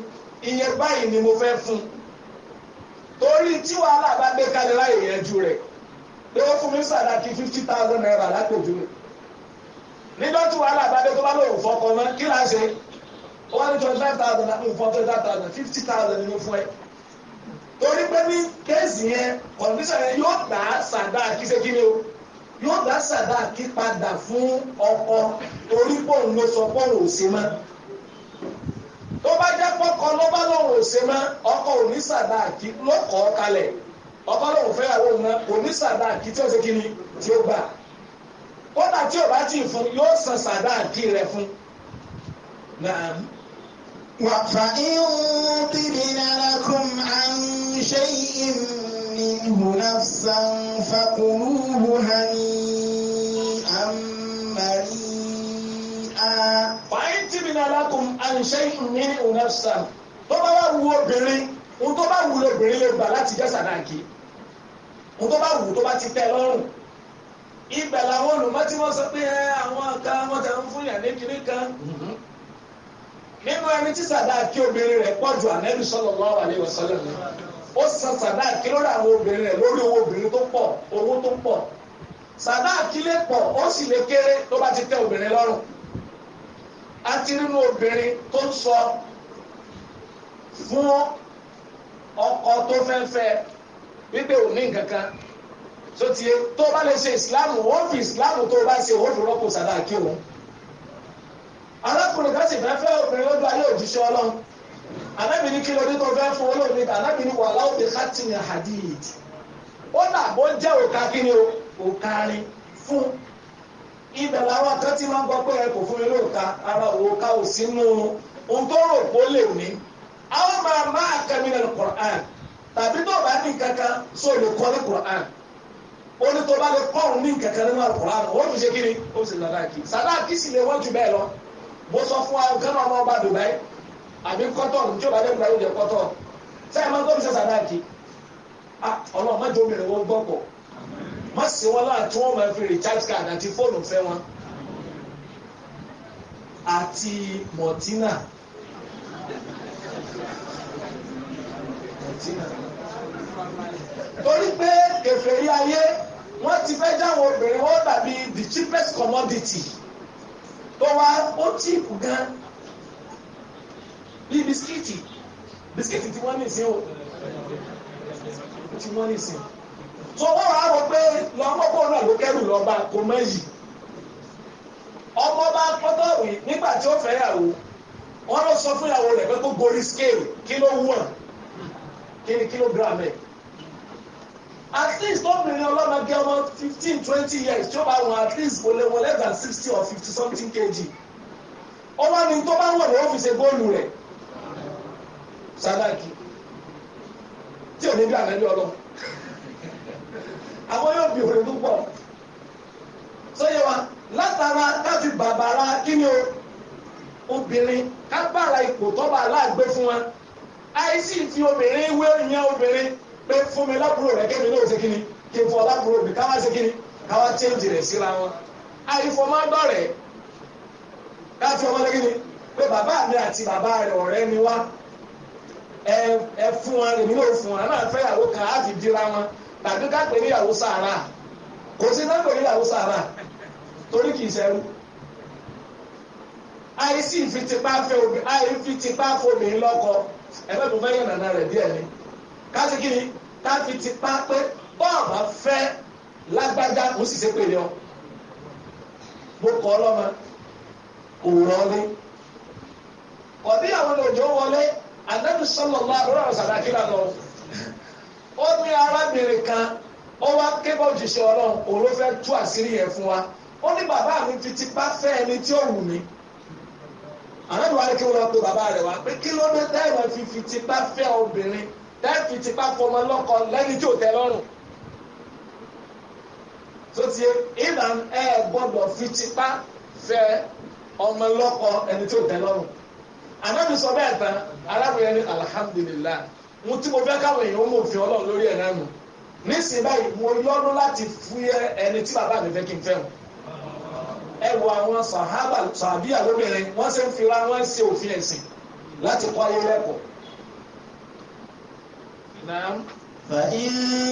iye báyìí ni mo fẹ́ fún torí tí wàhálà bá gbé kalẹ̀ láyè yẹn ju rẹ̀ pé ó fún mi sàdáàkì fifty thousand naira lápèjúwe nígbà tí wàhálà bá dé tó bá lóyún fọkọ náà kí là ń ṣe wọ́n ní twenty five thousand àbí nǹkan twenty five thousand fifty thousand nínú fún ẹ torí pé ní kéèsì yẹn kọ̀ǹdíṣà yẹn yóò dá sàdá kíṣekíni o yóò dá sàdá kí padà fún ọkọ torí pòun ló sọ pọ́ùn ò sí mọ́ tó bá jẹ́ pọ́kọ ló bá lóun ò sí mọ́ ọkọ ò ní sàdá kí ló kọ́ kalẹ̀ ọkọ lóun fẹ́ àwọn òun náà sàdá kí tí ó ṣe kíni tí ó gbà kódà tí o bá ti fún yóò san sàdáàkì rẹ̀ fún. فإن طبن لكم عن شيء منه نفسا فكلوه هنيئا مريئا فإن طبن لكم عن شيء منه نفسا tó bá wà wù obìnrin ohun tó bá wù lóbìnrin lè gbà láti jẹ́ sàdáàkì ohun tó bá wù tó bá ti tẹ́ lọ́rùn ibẹ̀ làwọn olùmọ̀ tí wọ́n sọ pé ẹ àwọn kan wọ́n ti ń fún yàn ní kan mm-hmm. nínú ẹni tí sàdáàkì obìnrin rẹ̀ pọ̀ ju ànẹ́bí sallallahu alaihi wasallam ó san sàdáàkì lórí àwọn obìnrin rẹ̀ lórí owó obìnrin tó pọ̀ owó tó pọ̀ sàdáàkì lè pọ̀ ó sì lè kéré ti obìnrin lọ́rùn nínú obìnrin tó fún ọkọ tó fẹ́ fẹ́ wípé tó ti tó bá lè ṣe ìsìláàmù wọ́n fi ìsìláàmù tó bá ṣe wọ́n fi rọ́pò sàdá kí òun. arákùnrin kan sì fẹ́ fẹ́ obìnrin lọ́dọ̀ ayé òjíṣẹ́ ọlọ́run anábì ní kí ló dé tó fẹ́ fún olóòní ta anábì ní wàhálà òde hátìní hadid ó nà bó jẹ́ òka kíni o òkarin fún ibẹ̀ làwọn kan ti máa ń gbọ́ pé ẹ kò fún mi lóòka ara òka ò sínú ohun tó rò pó lè ní àwọn máa máa kẹ́mi lẹ́nu kọ̀ọ̀án tàbí tó bá ní kankan sóò lè kọ́ ní kọ̀ọ̀án ó ní tó bá lè pọ́ òun ní kẹ̀kẹ́ nínú àlùkùránì ó tún ṣe kí ni ó sì sàdáàkì sàdáàkì sì lè wọ́n jù bẹ́ẹ̀ lọ mo sọ fún gánà ọmọ ọba Dubai àbí kọ́tọ̀n tí ó bá dẹ́kun láyé jẹ kọ́tọ̀n sẹ́yìn máa ń gbọ́dọ̀ ṣe sàdáàkì ah, ọlọ́run mẹ́jọ obìnrin wọn gbọ́ pọ̀ má sì wọn láà tí wọ́n máa fi recharge card àti fóònù fẹ́ wọn àti mọ̀tínà mọ̀tínà torí pé kèfèrí ayé wọ́n ti fẹ́ jáwọn obìnrin wọ́n dàbí the cheapest commodity tó wá ó chíìpù gan bí bisikíìtì bisikíìtì tí wọ́n ní ìsìn o tí wọ́n ní ìsìn tó wọ́n wá rò pé lọ́mọ́kọ́ náà ló kẹ́rù lọ́ba kò mọ̀ yìí ọmọ bá pọ́tọ́ wì nígbà tí ó fẹ́ yàwó wọ́n lọ sọ fún ìyàwó rẹ̀ pé kó gorí scale kí ló wọ̀n kí ni kí ló at least tó mìíràn ọlọ́mọge ọmọ fifteen twenty years tí at least wọlé wọn than sixty or fifty something kg ó wá nwere tó bá wọ̀ ní góòlù sadaki tí o ní bí àlẹ́ bí àwọn yóò bí òrè púpọ̀ sọyẹ wa látara láti bàbàrà kíni o obìnrin ipò fún wa àìsí fi obìnrin wé obìnrin. pé fún mi lábúrò rẹ̀ kémi ní òsè kíni kí n fọ lábúrò mi káwá ṣe kíni káwá chẹ́ǹjì rẹ̀ síra wọn. àìfọmọ́dọ̀rẹ̀ káfí ọmọdé kíni pé bàbá mi àti baba mi wá ẹ fún wọn èmi náà fún wọn àná àfẹ́ ìyàwó kan á fi dira wọn tàbí ka pè ní ìyàwó sàárà kò sí náà pè ní ìyàwó sàárà torí kì í ṣẹrú àìsí ìfitipa fẹ́ obìnrin káṣí kí ni káfi ti pa pé bọ́ọ̀bà fẹ́ lágbájá mo sì ṣe pé ni ọ mo kọ́ ọlọ́mọ òwúrọ̀ ọlé ọdí àwọn òjò wọlé Ànábì sallallahu alaihi wasallam kí lánà ó ní arábìnrin kan ó wá kébọ̀ jùṣẹ́ ọlọ́run òun ló fẹ́ tú àṣírí yẹn fún wa ó ní bàbá mi fi tipá fẹ́ ẹni tí ó wù mí Ànábì wa ni kí wọ́n lọ pe bàbá rẹ̀ wá pé kí ló dé táyà fi fi tipá fẹ́ obìnrin tẹ́ẹ̀fì tipa fọmọ lọ́kọ lẹ́ni tí ò tẹ́ lọ́rùn tó ti ìlà ẹ gbọ́dọ̀ fi tipa fẹ́ ọmọ lọ́kọ ẹni tí ò tẹ́ lọ́rùn ànábi sọ bẹ́ẹ̀ tán arábìnrin ní alhamdulillah mo tí mo fẹ́ káwọn èèyàn mọ̀ òfin ọlọ́run lórí ẹ̀ náà nù nísìnyí báyìí mo yọ́nú láti fúyẹ́ ẹni tí bàbá mi fẹ́ kí n fẹ́ wọn ẹ wo àwọn sàhábà sàbíà lóbìnrin wọ́n ṣe ń fira wọ́n ṣe òfin ẹ̀sìn láti kọ́ ayé lẹ́kọ̀ọ́ فإن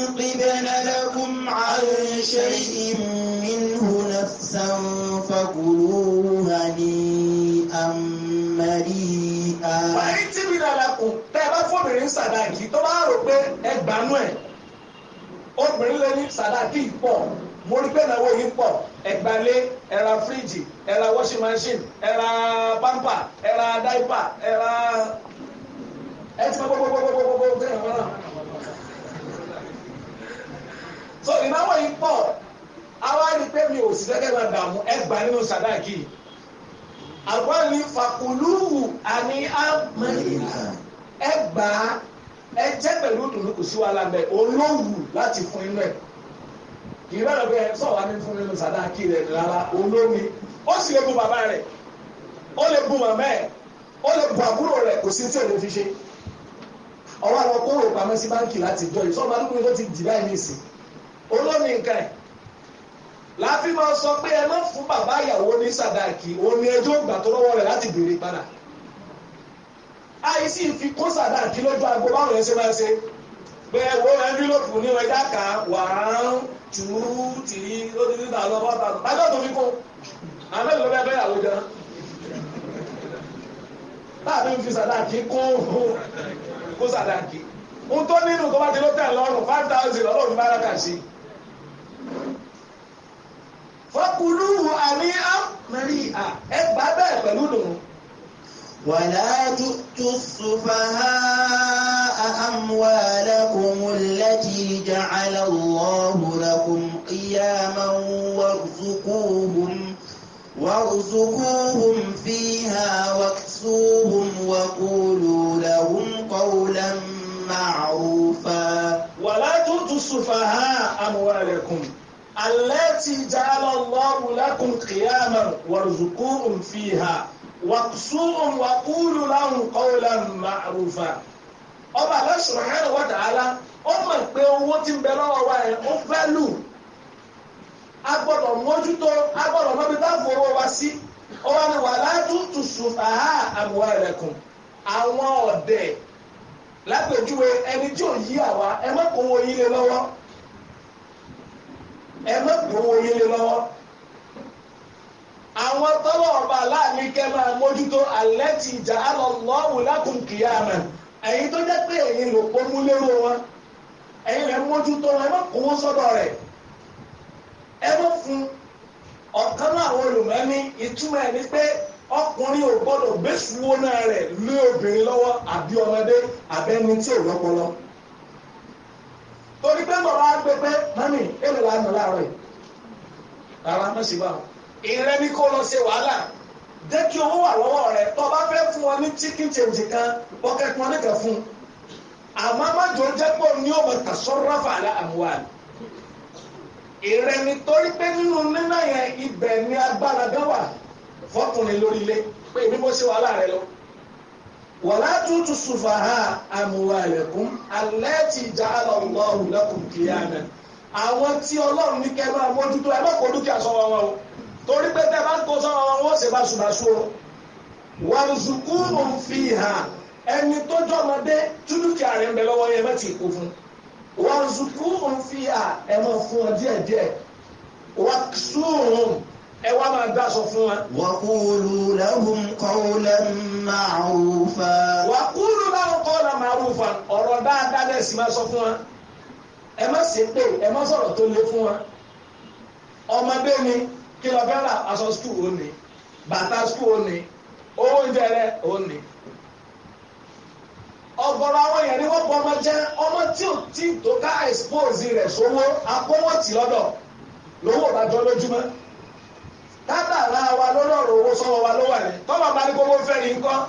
قبل لكم عن شيء منه نفسا فكلوه هنيئا مريئا فإن قبل لكم tẹ́lá fóbìnrin sàdáàkì tó bá rò pé ẹgbàánú ẹ̀ obìnrin lè ní sàdáàkì pọ̀ mo rí pé ìnáwó yìí pọ̀ ẹgbàálé ẹ̀ra fíríjì ẹ̀ra washing machine ẹ̀ra pamper ẹ̀ra diaper ẹ̀ra ẹ̀sìn gbogbogbogbogbogbogbò fẹ́ràn so ìnáwó yìí pọ̀ àwa rí pé mi ò sí gẹ́gẹ́ bá dààmú ẹgbàá nínú sàdáàkì àwa ní fàkùlùwù àní àmàlìlà ẹgbàá ẹ jẹ́ pẹ̀lú òdòdó kò sí wa lábẹ́ olówù láti fún inú ẹ̀ kì í bẹ̀rẹ̀ bẹ́ẹ̀ sọ̀ wá ní fún nínú sàdáàkì rẹ̀ rárá olómi ó sì lè bu bàbá rẹ̀ ó lè bu màmá ẹ̀ ó lè bu àbúrò rẹ̀ kò sí tí ò lè fi ṣe ọwọ́ àwọn kóró pamọ́ sí báńkì láti jọ ìsọ́gbà lóko ni wọ́n ti dì báyìí nísìnyí olómi nǹkan ẹ̀ láfi máa sọ pé ẹ má fún bàbá ìyàwó ní sàdáàkì òun ni ẹjọ́ ìgbà tó lọ́wọ́ rẹ̀ láti béèrè padà àìsí fi kó sàdáàkì lójú aago báwọn ẹ̀ ṣe máa ṣe pé wo ẹnvilópù ní ọjà ká wàá tù ú tì í lójú nígbà lọ́wọ́ tàbí tájọ́ tó fi kún àmọ́ ìlú bẹ́ẹ̀ bẹ́ẹ̀ àwùjọ láàbí ń fi sàdáàkì kún kó sàdáàkì ohun tó nínú kó bá ti ló tẹ̀ lọ́rùn five thousand lọ́rùn bá rà kà sí i. فقلوه أمئا مريئا إبابا يقولون ولا تؤتوا السفهاء أموالكم التي جعل الله لكم قياما وارزقوهم وارزقوهم فيها واكسوهم وقولوا لهم قولا معروفا ولا تؤتوا السفهاء أموالكم التي جعل الله لكم قياما وارزقوهم فيها واقصوهم وقولوا لهم قولا معروفا ọba Allah subhanahu wa ta'ala ọ mọ̀ pé owó tí ń bẹ lọ́wọ́ wa ẹ̀ ó fẹ́lù a mójútó a gbọ́dọ̀ bá fowó wa sí ọba ni wà àwọn ẹni tí ò yí àwa ẹ ẹ má gbowó yẹlẹ lọ́wọ́ àwọn tọ́lọ̀ ọba aláàmì kẹ́ máa mójútó alẹ́ ti ìjà alọ́lọ́wù lákùn kìí àmà ẹ̀yin tó jẹ́ pé ẹ̀yin ló pọ́ mú lérò wọn ẹ̀yin lẹ́ mójútó wọn ẹ má kó wọn sọ́dọ̀ rẹ̀ ẹ má fún ọ̀kan náà àwọn olùmọ́ni ìtumọ̀ ẹ̀ ni pé ọkùnrin ò gbọ́dọ̀ gbèsè wọn náà rẹ̀ lé obìnrin lọ́wọ́ àbí ọmọdé àbẹ́ni tí ò lọ́pọlọ torí pé mọ̀ wá gbẹgbẹ mami èlò wa nù láàárọ̀ yìí rárá má sì wà o ìrẹ́ ní kó lọ ṣe wàhálà jẹ́ kí owó wà lọ́wọ́ rẹ tó bá fẹ́ fún ọ ní chicken change kan pocket money kan fún un àmọ́ májò jẹ́ pé ní ọmọ tàṣọ́rọ́ fàlà àmúwà ìrẹ́ ní torí pé nínú nínú yẹn ibẹ̀ ni agbára gan wà fọkùnrin lórí ilé pé èmi mo ṣe wàhálà rẹ lọ wàlá tútù sùfàhà àmúwàlẹ̀kùn alẹ́tì jàálọ̀ lọ́hùn lẹ́kùn kìíyàmẹ. àwọn tí ọlọ́run ní kẹ́ máa mójútó ẹ má kó dúkìá sọ́wọ́ wọn o torí pé tẹ́ bá kó sọ́wọ́ wọn wọ́n ṣe báṣubàṣu o. wàrùsùkú ń fi hà ẹni tó jọmọdé dúkìá rẹ̀ ń bẹ lọ́wọ́ yẹn mẹ́tì kó fún. wàrùsùkú ń fi hà ẹ máa fún ọ díẹ̀díẹ̀ wàksùn ẹ wá máa gbà sọ fún wa. wàkúlù lẹ́hùn kọ́ọ̀lẹ́ màrúfà. wàkúlù lẹ́hùn kọ́ọ̀lẹ́ màrúfà ọ̀rọ̀ dáadáa bẹ́ẹ̀ sì máa sọ fún wa. ẹ má ṣe pé ẹ má sọ̀rọ̀ tó le fún wa. ọmọdé ni kí lọ fẹ́ ra aṣọ skul ó ní bàtà skul ó ní oúnjẹ rẹ ó ní. ọ̀gọ̀rọ̀ àwọn èèyàn ni wọ́n bọ ọmọ jẹ́ ọmọ tí ò tí tó ká expose rẹ̀ sówó akówó tì lọ́dọ̀ lówó ìbàjọ́ lójúmọ́ kádàrá wa lọ́rọ̀ ọ̀rọ̀ owó sọ́wọ́ wa ló wà ní tọ́wọ́ bá ní gbogbo fẹ́ ní nǹkan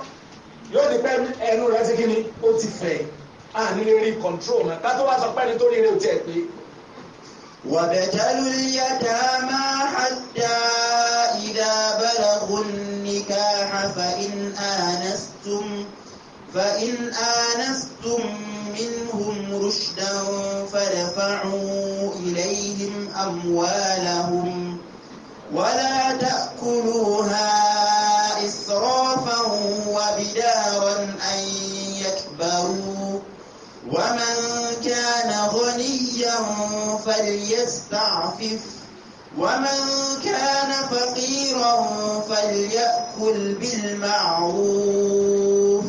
yóò di pé ẹnu rẹ̀ ti kí ni ó ti fẹ̀ á nílé rí kọ̀ǹtró mọ́ ká tó wá sọ pé ẹni tó rí rẹ̀ ò tiẹ̀ pé. وابتلوا اليتامى حتى إذا بلغوا النكاح فإن آنستم فإن آنستم منهم رشدا فدفعوا إليهم أموالهم ولا تأكلوها إسرافا وبدارا أن يكبروا ومن كان غنيا فليستعفف ومن كان فقيرا فليأكل بالمعروف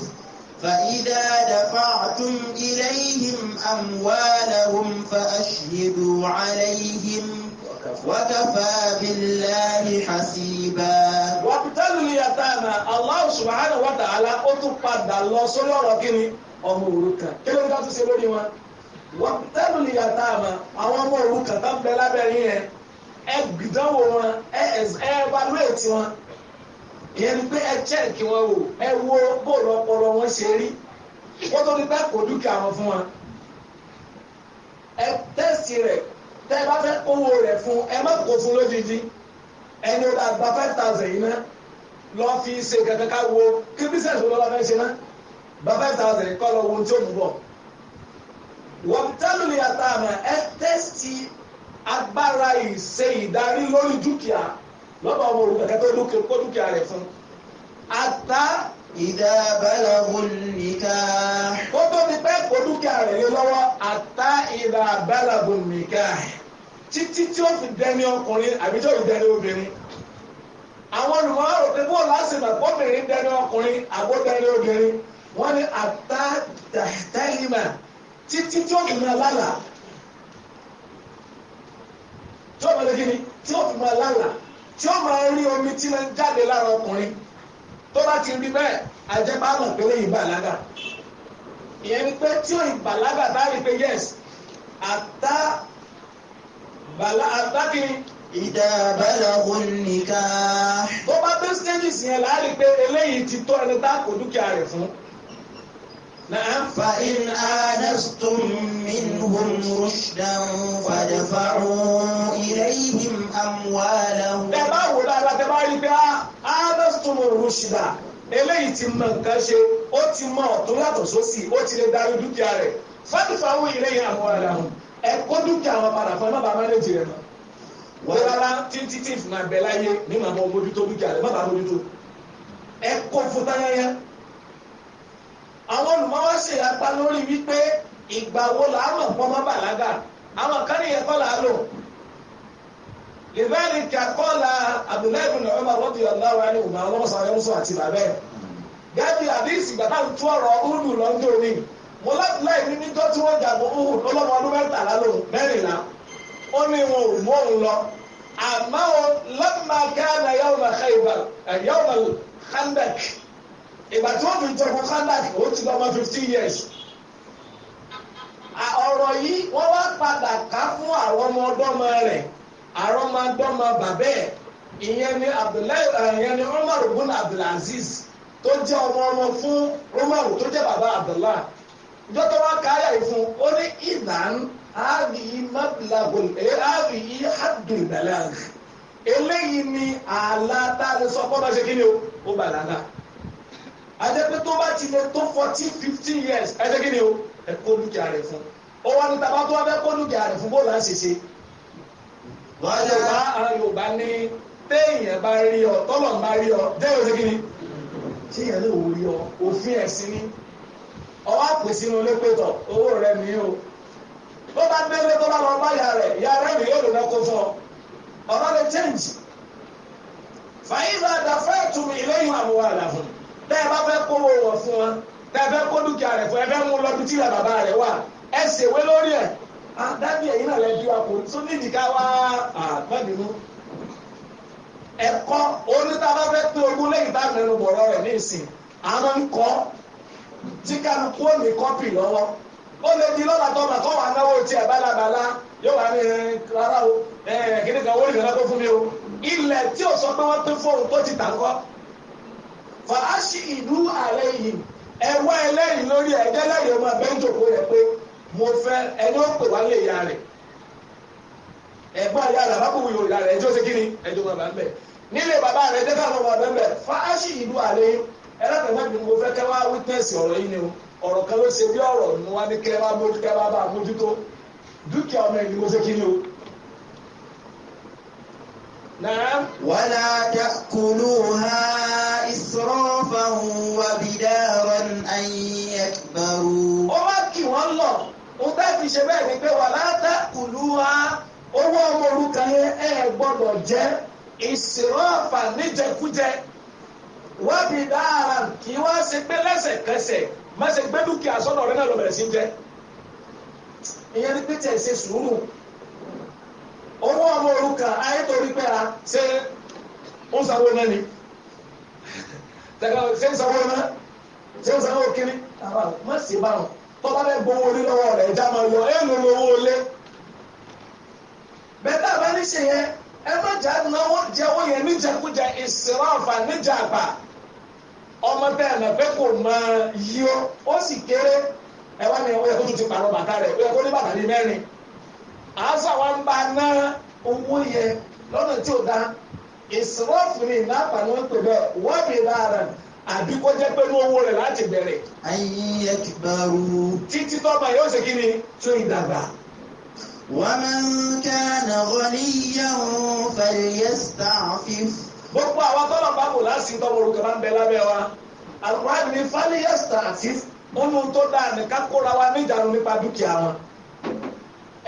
فإذا دفعتم إليهم أموالهم فأشهدوا عليهم وكفى بالله حسيبا وابتلوا اليتامى الله سبحانه وتعالى ó tún padà lọ sórí ọ̀rọ̀ kíni ọmọ òrukàn kí ló ń dá tún ṣe lórí wọn wabtelu liyatama àwọn ọmọ òrukàn tó ń bẹ lábẹ́ yín yẹn ẹ gbìdánwò wọn ẹ ẹ evaluate wọn ìyẹn ni pé ẹ check wọn wò ẹ wo bóòlù ọpọlọ wọn ṣe rí wọ́n tó ní bá kò dúkìá wọn fún wọn ẹ test rẹ̀ tẹ́ ẹ bá fẹ́ kówó rẹ̀ fún ẹ má kó fún lójijì ẹni ọ̀dà gba five thousand yìí náà lọ fi ṣe kankan ká wo kí bísẹ̀sì wo lọ́la fẹ́ ṣe náà gba five thousand kọ́ lọ wo tí ó mú bọ̀. wọ́n tẹ́lu ní ata àmà ẹ tẹ́sítì agbára ìṣe ìdarí lórí dúkìá lọ́dọ̀ ọmọ òrùka kẹ́tọ́ kó dúkìá rẹ̀ fún ata ìdá balagu nikah. ó tó ti pẹ́ kó dúkìá rẹ̀ lé lọ́wọ́ àtá ìdá balagu nikah títí tí ó fi dẹni ọkùnrin àbí tí ó fi dẹni obìnrin. àwọn olùmọ̀ọ́ rò pé bóòlù àṣìlẹ̀ kóbìnrin dẹni ọkùnrin àbó dẹni obìnrin wọ́n ní àtá tàhítàlímà títí tí ó fi máa lálàá. tí ó fi máa lálàá tí ó máa rí omi tí máa ń jáde lára ọkùnrin tó bá ti rí bẹ́ẹ̀ àjẹpá mọ̀ pé lè ìbàlágà ìyẹn ni pé tí balaga bá rí pé yes àtà bàlá àtà kí ni. ìdàbàlà òǹnìkà. tó bá tó stages yẹn láàrin pé eléyìí ti tó ẹni tá kò dúkìá rẹ̀ fún. نعم فإن آنستم منهم رشدا فادفعوا إليهم أموالهم ẹ bá wò dáadáa tẹ bá rí pé ah, آنستم رشدا eléyìí ti mọ nǹkan ṣe ó ti mọ ọ̀tún yàtọ̀ sósì ó ti lè darí dúkìá rẹ̀ fadfa'u ilayhim amwalahum ẹ kó dúkìá wọn padà fún ẹ má bàa mánéjì rẹ̀ mọ́ wọ́n rárá títí tí ìfúnná bẹ̀ láyé ní màmá ọmọdé tó dúkìá rẹ̀ má bàa mójútó ẹ kó fún táyáyá àwọn olùmọ́wá sì apá lórí wípé ìgbà wo làá mọ̀ pọ́n mọ́ bàlágà àwọn kan nìyẹn kọ́ làá lò lidhalika qala abdullahi bin umar radiyallahu anhu ma wọn sọ ayọmọsọ àti bàbẹ gẹbi àdìsí bàbá ń tú ọ̀rọ̀ udu lọńdọ ni mo láti láì ní ní tó tí wọn jàgbó uhud ọlọmọ ọdún mẹ́tàlá ló mẹ́rìnlá ó ní wọn ò mú òun lọ àmọ́ lamma kana yawma khaybar yawma khandak ìgbà tí wọ́n fi ń tẹ̀kọ́ kándákì ó ti lọ́mọ fifteen years ọ̀rọ̀ yìí wọ́n wá padà ká fún àwọn ọmọ ọdọ́mọ rẹ̀ àwọn ọmọ ọdọ́mọ bàbá ẹ̀ ìyẹn ni Abdullahi eh, ìyẹn ni Umar ibn Abdulaziz tó jẹ́ ọmọ ọmọ fún Umar tó jẹ́ bàbá Abdullahi dọ́tọ̀ wá káyà ìfún ó ní ìdán àbíyí mablagol eh, àbíyí haddul balag eléyìí ni àlá tá a lè sọ pé ọba ṣe kí ni ó bàlágà àjẹpẹ́ tó bá ti lè tó fourteen fifteen years ẹ̀jẹ̀ kí ni o ẹ kó dúkìá rẹ̀ fún ó wá ní tabá tó wá fẹ́ kó dúkìá rẹ̀ fún bóòlù àṣìṣe. yorùbá yorùbá ní téèyàn bá rí ọ tọ́lọ̀ bá rí ọ jẹ́ ìrọ̀lẹ́ kí ni téèyàn lè wò rí ọ òfin ẹ̀sìn ni ọwọ́ àpè sínú ilé pétọ̀ owó rẹ̀ mi o tó bá délé tó bá lọ bá ìyá rẹ̀ ìyá rẹ̀ mi yóò lọ kó fún ọ ọ̀rọ̀ lè change fàyín bá dàfẹ́ tùmí ilé ìwà àbúwá àdàfún tẹ́ bá fẹ́ kó owó rọ̀ fún kó dúkìá rẹ̀ fún ẹ fẹ́ mú lọ bí tíra bàbá rẹ̀ wà ẹ lórí ẹ̀ adájọ́ ẹ̀yìn náà lẹ bí wa kò tún wá ẹ̀kọ́ fẹ́ ogún lẹ́yìn bọ̀rọ̀ rẹ̀ ní ìsìn ń kọ́ tí ní kọ́pì lọ́wọ́ ó lè di lọ́la tó ma wà náwó ní rárá o kíni kan o ilẹ̀ tí ò sọ pé wọ́n fa aṣíìdú ààrẹ yìí ẹwọ ẹlẹ́yìn lórí ẹjẹ ọmọ abẹnjòkó rẹ pé mo fẹ́ ẹni ó pè wá lè rẹ rẹ rẹ ẹjọ́ ṣe ẹjọ́ wọn bá ń bẹ nílé bàbá fa ààrẹ yìí mo kẹwàá yìí ni o kan ló ṣe bí ni wọn ní kẹwàá kẹwàá bá dúkìá ọmọ ẹni fi ṣe bẹ́ẹ̀ ni pé wà látà kùlù wa owó ọmọ òrukàn yẹn ẹ gbọ́dọ̀ jẹ́ ìsìrọ́ọ̀fà níjẹkújẹ wá bí dára kí wá ṣe pé lẹ́sẹ̀kẹsẹ̀ má ṣe gbé dúkìá sọ́dọ̀ rẹ náà lọ bẹ̀rẹ̀ sí jẹ́ ìyẹn ni pété ṣe sùúrù owó ọmọ òrukàn ayé torí pé a ṣe ń sanwó náà ni ṣe ń sanwó náà ṣe ń sanwó kiri má ṣe báwọn tọ́lá lẹ́ gbowó lé lọ́wọ́ rẹ̀ já máa lọ ẹ̀ ń lo owó lé. bẹ́tà bá ní ṣe yẹn ẹ má jà náwó jẹ́wọ́ yẹn níjàkújà ìsìnráàfà níjà àgbà ọmọ bẹ́ẹ̀ nà pé kò máa yí ó ó sì kéré ẹ wá ní ẹ kó tún pàrọ̀ bàtà rẹ̀ ó kó ní bàtà ní mẹ́rin àásà wa ń bá ná owó yẹn lọ́nà tí ò dá ìsìnráàfù ni ìnáàpà ni wọ́n pè bẹ́ẹ̀ wọ́n mi rà rẹ̀ àbí kó jẹ́ pé ní owó rẹ̀ láti bẹ̀rẹ̀. ayé ẹ ti bá títí tọ́mọ yóò ṣe kí ni tó ìdàgbà. waman kana ghaniyan falyasta'fif. gbogbo àwa tọ́lọ̀ bá bò láti tọ́wọ́ orúkọ bá ń bẹ lábẹ́ wa alukóhánì ní falyasta'fif nínú tó dáa ní ká wa níjànú nípa dúkìá wọn.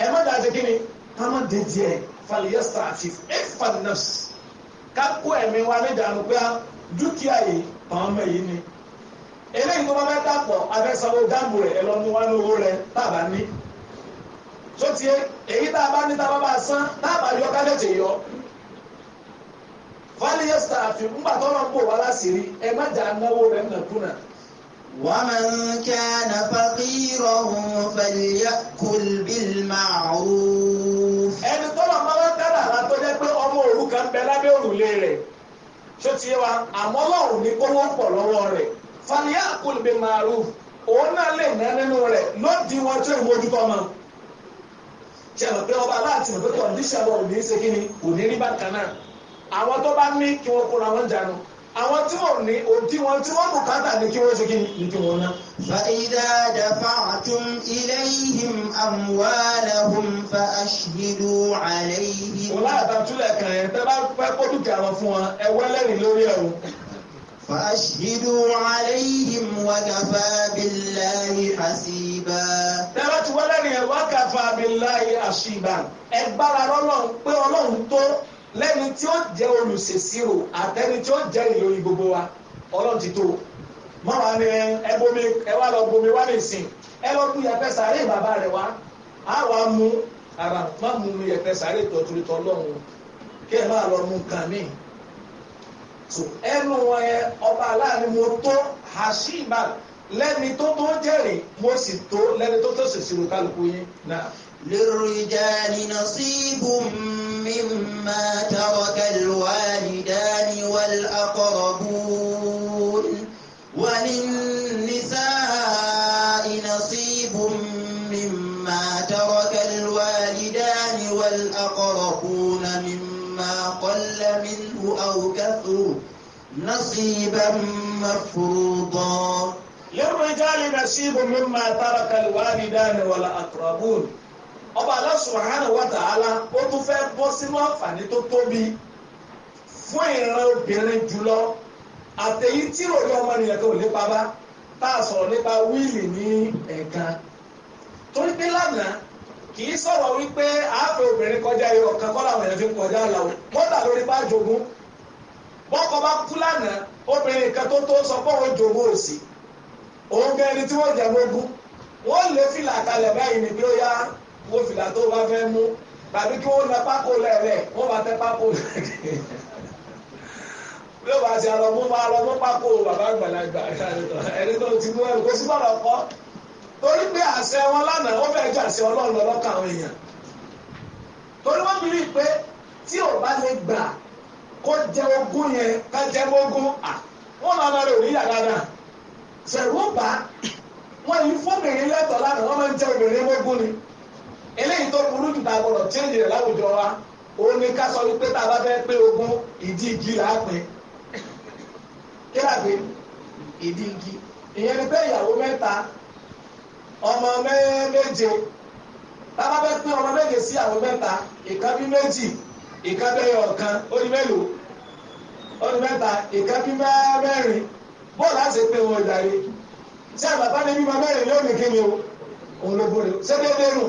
ẹ má dàá ṣe kí ni ká má dé díẹ̀ falyasta'fif ifan nafs ká kó ẹ̀mí wa níjànú pé dúkìá yìí tàwọn mẹ́ yìí ni eléyìí tó bá fẹ́ dàpọ̀ abẹ́sọ̀rọ̀ dáàbò rẹ̀ ẹ lọ mú taa lówó rẹ̀ tá a bá ní san tá a bá yọ ká lẹ́tẹ̀ yọ fáliyé staafi ńgbà tó ń bò wá láṣìírí ẹ má jà náwó ومن كان فليأكل بالمعروف. ṣó ti yé wa àmọ́ ọlọ́run ní kówó pọ̀ lọ́wọ́ rẹ̀ fàníyà kò lè màrú òun náà lè ná nínú rẹ̀ lódì wọn tó ìwé ojú tọ́mọ. ṣẹlẹ̀ pé ọba aláàtì mọ̀ pé kọ̀ǹdíṣà wọn ṣe kí ni kò ní rí náà àwọn tó bá ní kí wọ́n kóra wọn jánu àwọn tí wọ́n ní òdí wọn tí wọ́n bùkátà ní kí wọ́n ṣe kí ní kí wọ́n ná. فإذا دفعتم إليهم أموالهم فأشهدوا عليهم. wọ́n láti àtúlẹ̀ kan yẹn tẹ́ bá pẹ́ kó dúkìá wọn fún wọn ẹ wẹ́lẹ́rìn lórí ẹ̀ o. فأشهدوا عليهم وكفى بالله حسيبا. tẹ́ bá ti wẹ́lẹ́rìn yẹn wọ́n kàfà bíláì àṣìbà lẹ́ni tí ó jẹ́ olùṣèṣirò àtẹni tí ó jẹ́ ìlórí gbogbo wa ọlọ́run ti tó máa wà ní ẹbomi ẹ wá lọ bomi wá lè sìn ẹ lọ bu yẹ̀pẹ̀ sàárè bàbá rẹ wá á wàá mú ara má mú mi yẹ̀pẹ̀ sàárè tọ̀tún tọ̀ lọ́hùn kí ẹ máa lọ mú nǹkan mi so ẹnu wọn yẹn ọba aláàánú mo tó hashima lẹ́ni tó tó jẹ́rìí mo sì tó lẹ́ni tó tó ṣèṣirò kálukú yín náà. للرجال نصيب مما ترك الوالدان والأقربون وللنساء نصيب مما ترك الوالدان والأقربون مما قل منه أو كثر نصيبا مفروضا للرجال نصيب مما ترك الوالدان والأقربون ọba Allah subhanahu wa ta'ala ó tún fẹ́ bọ́ sínú àǹfààní tó tóbi fún ìran obìnrin jùlọ àtẹ̀yí tí òní ọmọnìyàn tó lè bàbá tá a sọ̀rọ̀ nípa wíìlì ní ẹ̀ẹ̀kan torí pé lánàá kì í sọ̀rọ̀ wípé àáfẹ́ obìnrin kọjá ẹyọ kan kọ́ làwọn èèyàn fi kọjá làwọn kọ́dà lórí bá jogún bọ́kọ bá kú lánàá obìnrin kan tó tó sọ pé òun jogún òsì òun gẹ́ni tí wọ́n jẹ́ mógún wọ́n lè fi làkàlẹ̀ báyìí ní ó yá wo fìlà tó bá fẹ́ mú tàbí kí wọ́n na pákó lẹ́ẹ̀lẹ́ wọ́n bá tẹ pákó lẹ́ẹ̀kẹ́ bí ó bá ti àlọ́ mú bá lọ mú pákó bàbá àgbàlagbà ẹni tó ti mú ẹrù kó sí bọ̀dọ̀ kọ́ torí pé àṣẹ wọn lánàá wọ́n fẹ́ẹ́ jẹ́ àṣẹ ọlọ́run ọlọ́kàn àwọn èèyàn torí wọ́n bìrì pé tí ò bá lè gbà kó jẹ ogún yẹn ká jẹ ogún à wọ́n máa ma lè rí yàrá náà ṣẹ̀rú bá wọ́n yìí fún obìnrin lẹ́tọ̀ọ́ lánàá wọ́n máa ń jẹ obìnrin ogún ni eléyìí tó burú jù tá a gbọdọ̀ change rẹ̀ láwùjọ wa òun ni ká sọ wípé tá a bá fẹ́ pé ogún ìdí igi là á pè kí là pé ìdí igi ìyẹn ni pé ìyàwó mẹ́ta ọmọ méje tá a bá fẹ́ pín ọmọ méje sí àwọn mẹ́ta ìkan bí méjì ìkan bẹ́ẹ̀ ọ̀kan ó ní mélòó ó ní mẹ́ta ìkan bí mẹ́rin bọ́ọ̀lù àti pé wọn ò darí tí àgbàbá ní bímọ mẹ́rin yóò ní kí ni o òun ló borí ṣé déédéé nù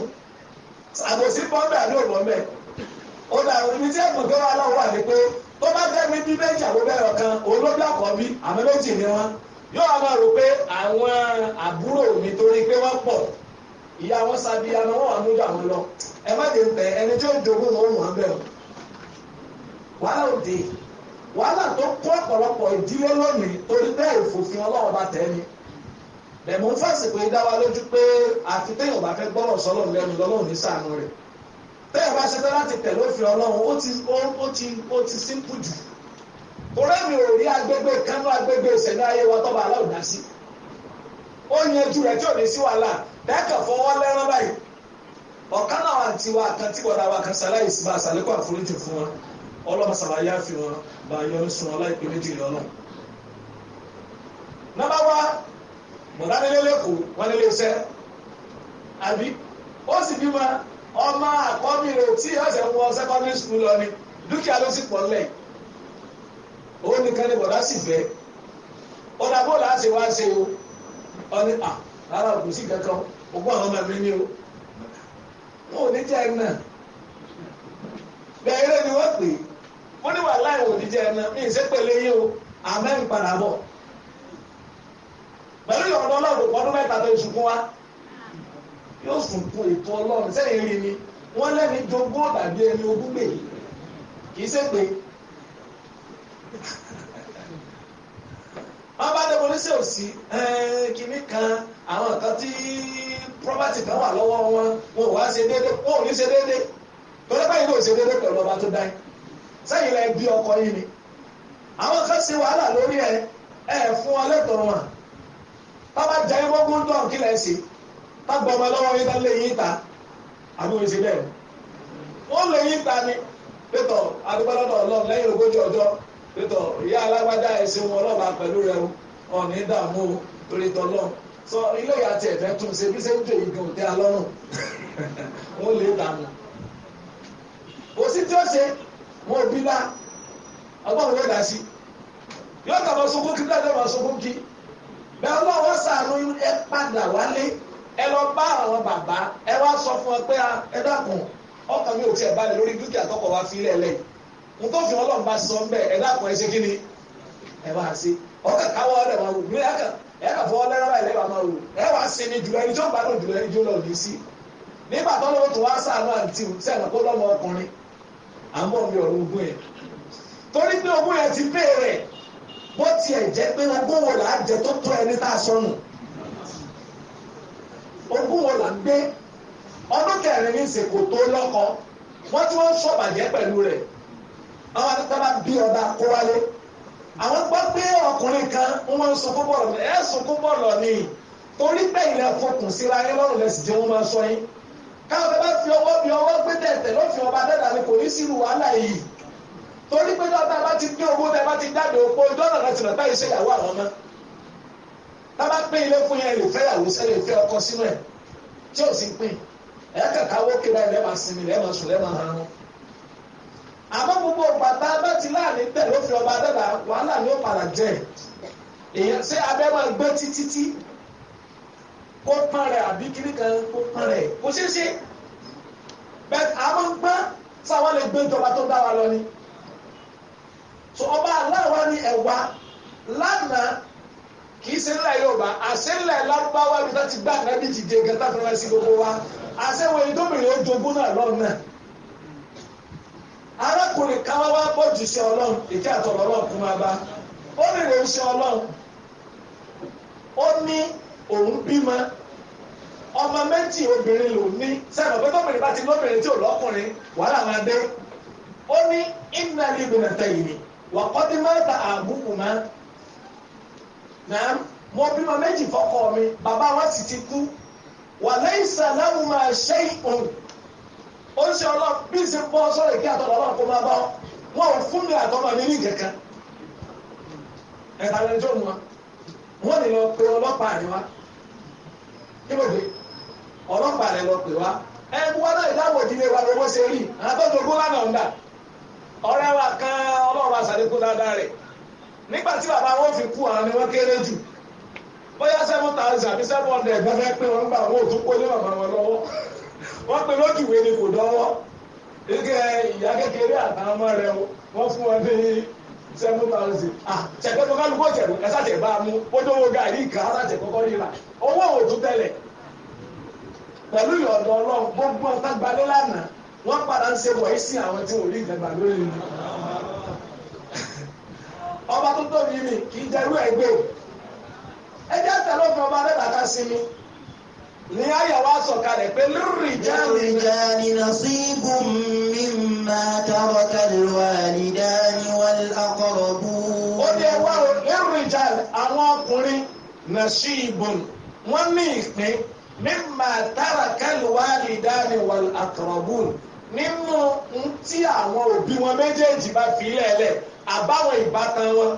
àbòsí bọ́ńdà ní òwò mẹ́ ọ̀dà òbí tí ẹ̀gbọ́n tó wà lọ́wọ́ wà ní pé tó bá fẹ́ mi bí méjì àbúbẹ̀rẹ̀ kan òun ló dàpọ̀ bí àmọ́ méjì ni wọ́n yóò máa rò pé àwọn àbúrò mi torí pé wọ́n pọ̀ ìyá wọn sábì àmọ́ wọn wà múlò àwọn lọ ẹ má dé pẹ́ ẹni tí ó dogun ló wọ̀n bẹ̀rẹ̀ wàhálà òde wàhálà tó kó ọ̀pọ̀lọpọ̀ ìdílé lónìí torí bẹ́ẹ̀ òfòfin ọlọ́wọ́ bá tẹ̀ ẹ́ bẹ̀mú fásitì dá wa lójú pé àfi téèyàn bá fẹ́ gbọ́rọ̀ sọ́lọ̀ lẹ́nu lọ́lọ́run ní sàánú rẹ̀ téèyàn bá ṣe fẹ́ láti tẹ̀lé òfin ọlọ́run ó ti ó ti ó ti jù torí mi ò rí agbègbè kánú agbègbè ìṣẹ̀lẹ̀ ayé wa tọ́ba sí ó rẹ̀ tí ò ní sí wàhálà dẹ́kẹ̀ fọwọ́ lẹ́rán báyìí ọ̀kan náà àti wa tí wa kan sí mọ̀dánilé lẹ́kọ̀ọ́ wọ́n nílé iṣẹ́ àbí ó sì ma ọmọ ma rẹ̀ tí ọ̀sẹ̀ ń wọ secondary school lọ ni dúkìá ló sì pọ̀ lẹ̀ ó nìkan sì fẹ́ ṣe o ọ ní à rárá sí kankan àwọn ọmọ mi ní o wọn ò ní jẹ́ náà bẹ́ẹ̀ ni wọ́n pè é wọ́n ní wàhálà náà o àmẹ́ ń pẹ̀lú ìyọ̀dọ̀ ọlọ́run ọdún mẹ́ta tó ìṣùkún wa yóò sunkún ètò ọlọ́run sẹ́yìn rí ni wọ́n lẹ́ni jogún ọ̀dàbí ẹni ogún gbè kì í ṣègbè wọ́n bá dẹ́kun oníṣẹ́ òsì kìíní kan àwọn kan tí property kan wà lọ́wọ́ wọn wọn ò wá ṣe déédéé wọn ò ní ṣe déédéé torí báyìí ló ṣe déédéé pẹ̀lú ọba tó dá yín sẹ́yìn lẹ́ bí ọkọ yín ni àwọn kan ṣe wàhálà lórí ẹ ẹ fún ọ lẹ́tọ̀ọ́ wọn tábà jẹ ẹgbọ́gbọ́n tó àwọn kílẹ̀ ṣe tágbọ́ ọmọ ẹlọ́wọ́ yín tán lè yín ta àbí wọ́n ṣe bẹ́ẹ̀ wọ́n lè yín ta ni pétọ̀ adúgbòlọ́dọ̀ ọlọ́run lẹ́yìn ogójì ọjọ́ pétọ̀ ìyá alágbádá ẹ̀sìn wọn ọlọ́ba pẹ̀lú rẹ ọ̀nì dààmú torí tọ́lọ́ sọ ilé ìyá tiẹ̀ fẹ́ tún ṣe bí sẹ́ńtò ìgbìn òtẹ́ alọ́run wọ́n lè e dànù òsì tí ó ṣe wọn ò bí lá ọgbọ́n òwe dà sí yóò kà máa sunkún kí dáadáa máa sunkún kí bẹ́ẹ̀ ọlọ́wọ́ sàánú ẹ padà wálé ẹ lọ bá àwọn bàbá ẹ sọ fún ọ pé ah, ẹ dákun ọkàn mi ò tiẹ̀ balẹ̀ lórí dúkìá tọkọ wa fi lẹ́lẹ̀ mo tó fi ọlọ́run bá sọ ẹ dákun ẹ ṣe kí ni ẹ ọkàn káwọ́ ọ̀rẹ́ wa wò ní fọwọ́ lẹ́rọ̀ ẹ̀ lẹ́wà máa wò ẹ wá jùlọ ẹni ń jùlọ ẹni lọ sí nígbà tó lọ́wọ́ tó wá sàánú àǹtí bó tiẹ̀ jẹ́ pé ogún wo là á jẹ tó tó ẹni tá a sọnù ogún wo là ń gbé ọdún kẹrin ní ìsìnkú tó lọ́kọ wọ́n tí wọ́n sọ̀bàjẹ́ pẹ̀lú rẹ̀ àwọn akẹ́kọ̀ọ́ bí ọba kó wálé àwọn gbọ́ pé ọkùnrin kan wọ́n sọ fún bọ́ọ̀lù ẹ̀ sọ fún bọ́ọ̀lù ni torí pé ilẹ̀ fọkùn síra yín lọ́rùn lẹ́sìn tí wọ́n máa sọ yín káwọn bá fi ọwọ́ bí ọwọ́ gbé tẹ̀tẹ̀ lọ́fìn ọba dẹ́dà ni kò ní sírù wàhálà yìí torí pé lọ́tà bá ti gbé owó tẹ bá ti jáde òpó dọ́là láti rẹ̀ báyìí ṣèyàwó àwọn ọmọ tábà pín ilé fún yẹn lè fẹ́ yàwó sẹ́lẹ̀ lè fẹ́ ọkọ sínú ẹ̀ tí ò sì pín ẹ̀ kàkà owó kéra ẹ̀ lẹ́ẹ̀ma sinmi lẹ́ẹ̀ma sùn lẹ́ẹ̀ma hàn án. àmọ́ gbogbo bàtà bá ti láàrin bẹ́ẹ̀ ló fi ọba dẹ́gbà wàhálà ni ó padà jẹ́ èèyàn ṣé abẹ́ máa gbé títí kó pọ́n rẹ̀ àbí kíní kan kó pọ́n rẹ̀ kó ṣeé ṣe bẹ́ẹ̀ àmọ́ gbọ́n sáwọn lè gbé ìjọba tó dá wa lọ ni. so ọba aláwa ni ẹ̀wà lánàá kì í ṣe ńlá yorùbá àṣẹ ńlá lárúbáwá ti gbá àgbàbí ti dé gata fún wa sí gbogbo wa àṣẹ wo ni oju ogbunna náà lọ́nà arákùnrin kan wá bọ́ jù sí ọlọ́run ètí àtọ̀rọ̀ ọlọ́run kún wa bá ó rèrè ṣe ọlọ́run ó ní òun bímọ ọmọ méjì obìnrin ní ti tí ò lọ́kùnrin wàhálà máa dé ó ní ìgbìmọ̀ tẹ̀yìn wàkọ́dé mẹ́ta àbúkùmá náà na bímọ méjì fọ́kọ mi bàbá wọn sì ti kú wà lẹ́yìn sàlámù máa ṣe ìhùn ó ń ṣe ọlọ́run bí ṣe bọ́ sọ́rọ̀ ìkí àtọ́lọ́ ọlọ́run kó máa bá wọn ò fún mi àtọ́mọ mi ní kankan lẹ́jọ́ mu wa wọ́n lọ ọlọ́pàá rẹ ọlọ́pàá rẹ lọ pè ẹ̀ ọ̀rẹ́ wa kan ọlọ́run bá ṣàlékún dáadáa rẹ̀ nígbà tí bàbá wọn fi kú àwọn ni wọ́n kéré jù bóyá seven thousand àbí seven hundred gbẹ́fẹ́ pé wọ́n gbà ò tún kó lé bàbá wọn lọ́wọ́ wọn pe ni kò dánwọ́ ike ìyá kékeré àtàwọn fún wọn ní seven thousand ah tó kálukú bá a mú kọ́kọ́ owó òtún pẹ̀lú ìyọ̀dọ̀ ọlọ́run wọ́n padà ń ṣe wọ̀nyí sí àwọn tí wọ́n rí ìdàgbà lórí mi. ọba tó tóbi mi kì í jẹ́rú ẹgbẹ́ ẹ jẹ́ tẹ̀lé òfin ọba rẹ̀ làkà sí mi ní àyàwó àsọ̀kalẹ̀ pé lórí ìjáde. ìjáde nasibun mimma taraka alwalidani wal aqrabun. ó ní ẹwà lórí ìjáde àwọn ọkùnrin nasibun wọ́n ní ìpín mimma taraka alwalidani wal aqrabun. nínú tí àwọn òbí wọn méjèèjì bá fi lẹ́ẹ̀lẹ̀ àbáwọn ìbátan wọn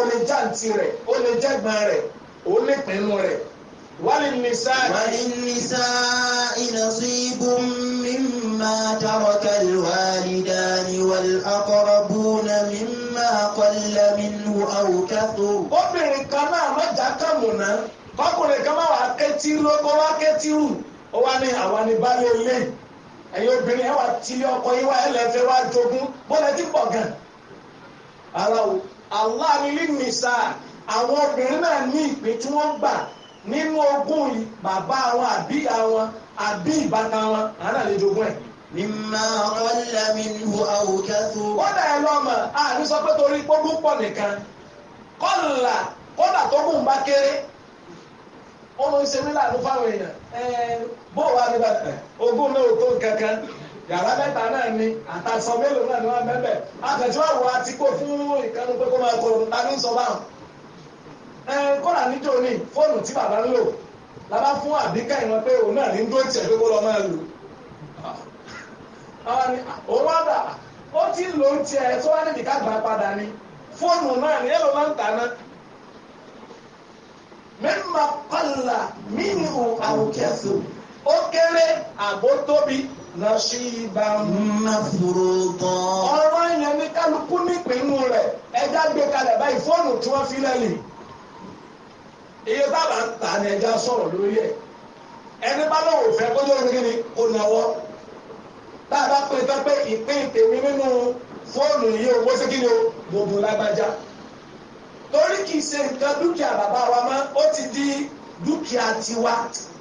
o lè já ntì rẹ̀ o lè jẹ́gbọ́n rẹ̀ o lè pinnu rẹ. wálé nìsa. wálé nìsa nasibun mimma taraka alwalidani wal aqrabuna mimma qalla minhu aw kathur. obìnrin kan náà Eyi obìnrin ẹ̀ wà ọkọ iwa wá ẹlẹ́fẹ́ wá jogún bọ́lá ti gan. ara o aláàrin àwọn obìnrin náà ní ìpín tí wọ́n gbà nínú ogún bàbá wọn àbí àwọn àbí ìbátan wọn àná lè jogún ẹ̀. mímá mi lu tó. kódà ẹ lọ́mọ àní sọ pé torí gbógun pọ̀ nìkan kọ́ńlá kódà tó gùn bá kéré ó bóòwá ni ogún náà ò tó kankan yàrá mẹ́ta náà ni àtàsọ mélòó náà ni wọ́n àti kó fún ìkànnì pé kó máa ní sọ báwọn. ẹ níjó ni fóònù tí bàbá ń lò fún àbíkà ìran pé ni fóònù náà ni máa ń tà náà. mẹ́mà pàlà ó kéré àbó tóbi lọ́sí ibà mọ́fúrútọ́. ọ̀rọ̀ yẹn ní kálukú nípinnu rẹ̀ ẹja gbé kalẹ̀ báyìí fóònù tí wọ́n fi lẹ́yìn. iye bàbá ń ta ni ẹja sọ̀rọ̀ lórí ẹ̀. ẹni bá lọ́wọ́ fẹ́ kó lórí kí ni náwó. bá a bá pè tán pé ìpín tèmi nínú fóònù yìí owó sí kí ni o gbogbo lágbájá. torí kì í ṣe nǹkan dúkìá bàbá wa mọ́ ó ti di dúkìá tiwa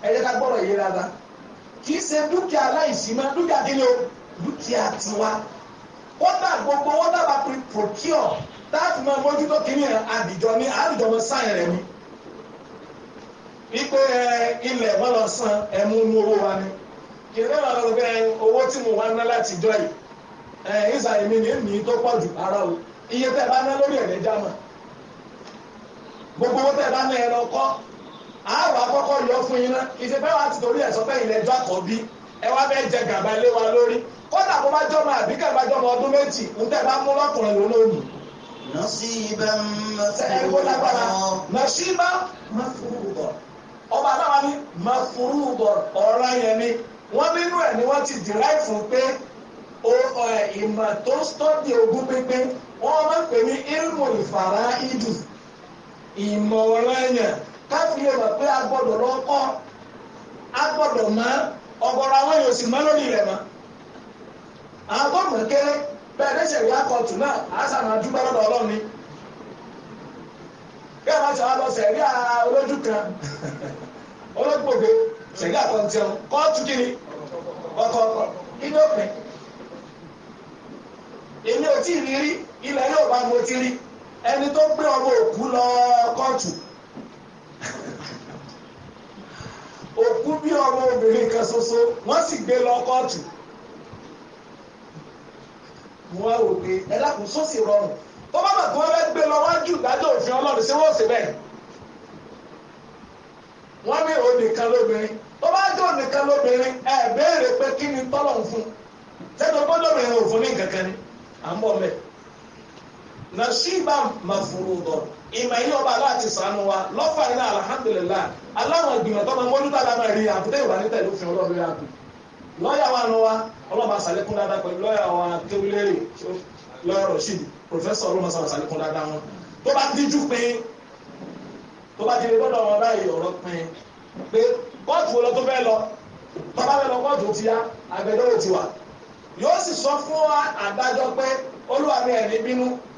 ẹ̀yẹ́ ká gbọ́dọ̀ yé dada kì í ṣe dúkìá aláìsí mọ́ dúkìá kí ni o dúkìá tiwa wọ́tà gbogbo wọ́tà bá procure láti máa mójútó kí ni àdìjọ ni àdìjọ mọ sáyẹn rẹ ni wípé ilẹ̀ wọn lọ san ẹ̀mú inú owó wa ni ìrẹ́ wà lọ́wọ́ pé owó tí mo wá ná láti jọ yìí ìsà èmi ní èmi tó pọ̀ jù ara o iye tẹ́ bá ná lórí ẹ̀rẹ́ jámà gbogbo owó tẹ́ bá ná ẹ̀rọ kọ́ kọ́kọ́ yọ fún yín náà ìṣèpẹ́ wa ti torí ẹ̀ sọ jẹ gàba wa lórí kódà bó bá jọmọ àbí jọmọ ọdún méjì ń tẹ́ bá mú lọ́kùnrin ló lónìí. nọ́síbà ọba ọ̀rọ̀ yẹn ni wọ́n nínú ẹ̀ ni wọ́n ti fún pé ìmọ̀ tó ogún wọ́n máa ń ilmu ìfàrà ìdù ìmọ̀ ọ̀rọ̀ yẹn káàkiri lè ma pé a gbọ́dọ̀ lọ kọ́ a gbọ́dọ̀ mọ̀ ọ̀gọ̀rọ̀ àwọn èèyàn sì mọ́ lórí rẹ̀ mọ́ àwọn gbọ́dọ̀ bẹ́ẹ̀ lẹ́sẹ̀ rí akọ̀tù náà àṣàmà dúpẹ́ lọ́dọ̀ ọlọ́run ni bí àwọn àṣà wa lọ sẹ̀rí olójú kan àkọ́ntì ọ̀hún kóòtù èmi lọ kóòtù òkú bí ọmọ obìnrin kan soso wọ́n sì gbé lọ kóòtù wọ́n á rò ẹ lákùn sósì rọrùn tó bá bàtú wọ́n fẹ́ gbé lọ wájú ìdájọ́ òfin Ọlọ́run sí wọ́n sì bẹ́ẹ̀ wọ́n ní onìkan lóbìnrin tó bá nasiba mafuruudọ ìmọ̀ yìí ọba aláàtì sànú wa lọ́fà nínú alhamdulillah aláwọn ìgbìmọ̀ tó máa mójútó àdámọ̀ rí àbúté ìwà níta ìlú fi ọlọ́run rí àbí lọ́ọ̀yà wa nu wa ọlọ́ba sàlékún dáadáa pẹ̀lú lọ́ọ̀yà wa kéwúlérè lọ́ọ̀yà Rashid pòfẹ́sọ̀ ọlọ́ba sàlékún dáadáa wọn tó bá díjú pé tó bá ti lè gbọ́dọ̀ wọn báyìí ọ̀rọ̀ pin pé kóòtù wo lọ tó fẹ́ lọ tọ́ba fẹ́ lọ kóòtù ti ya agbẹjọ́rò ti wà yóò sì sọ fún adájọ́ pé olúwa mi ẹ̀ ní bínú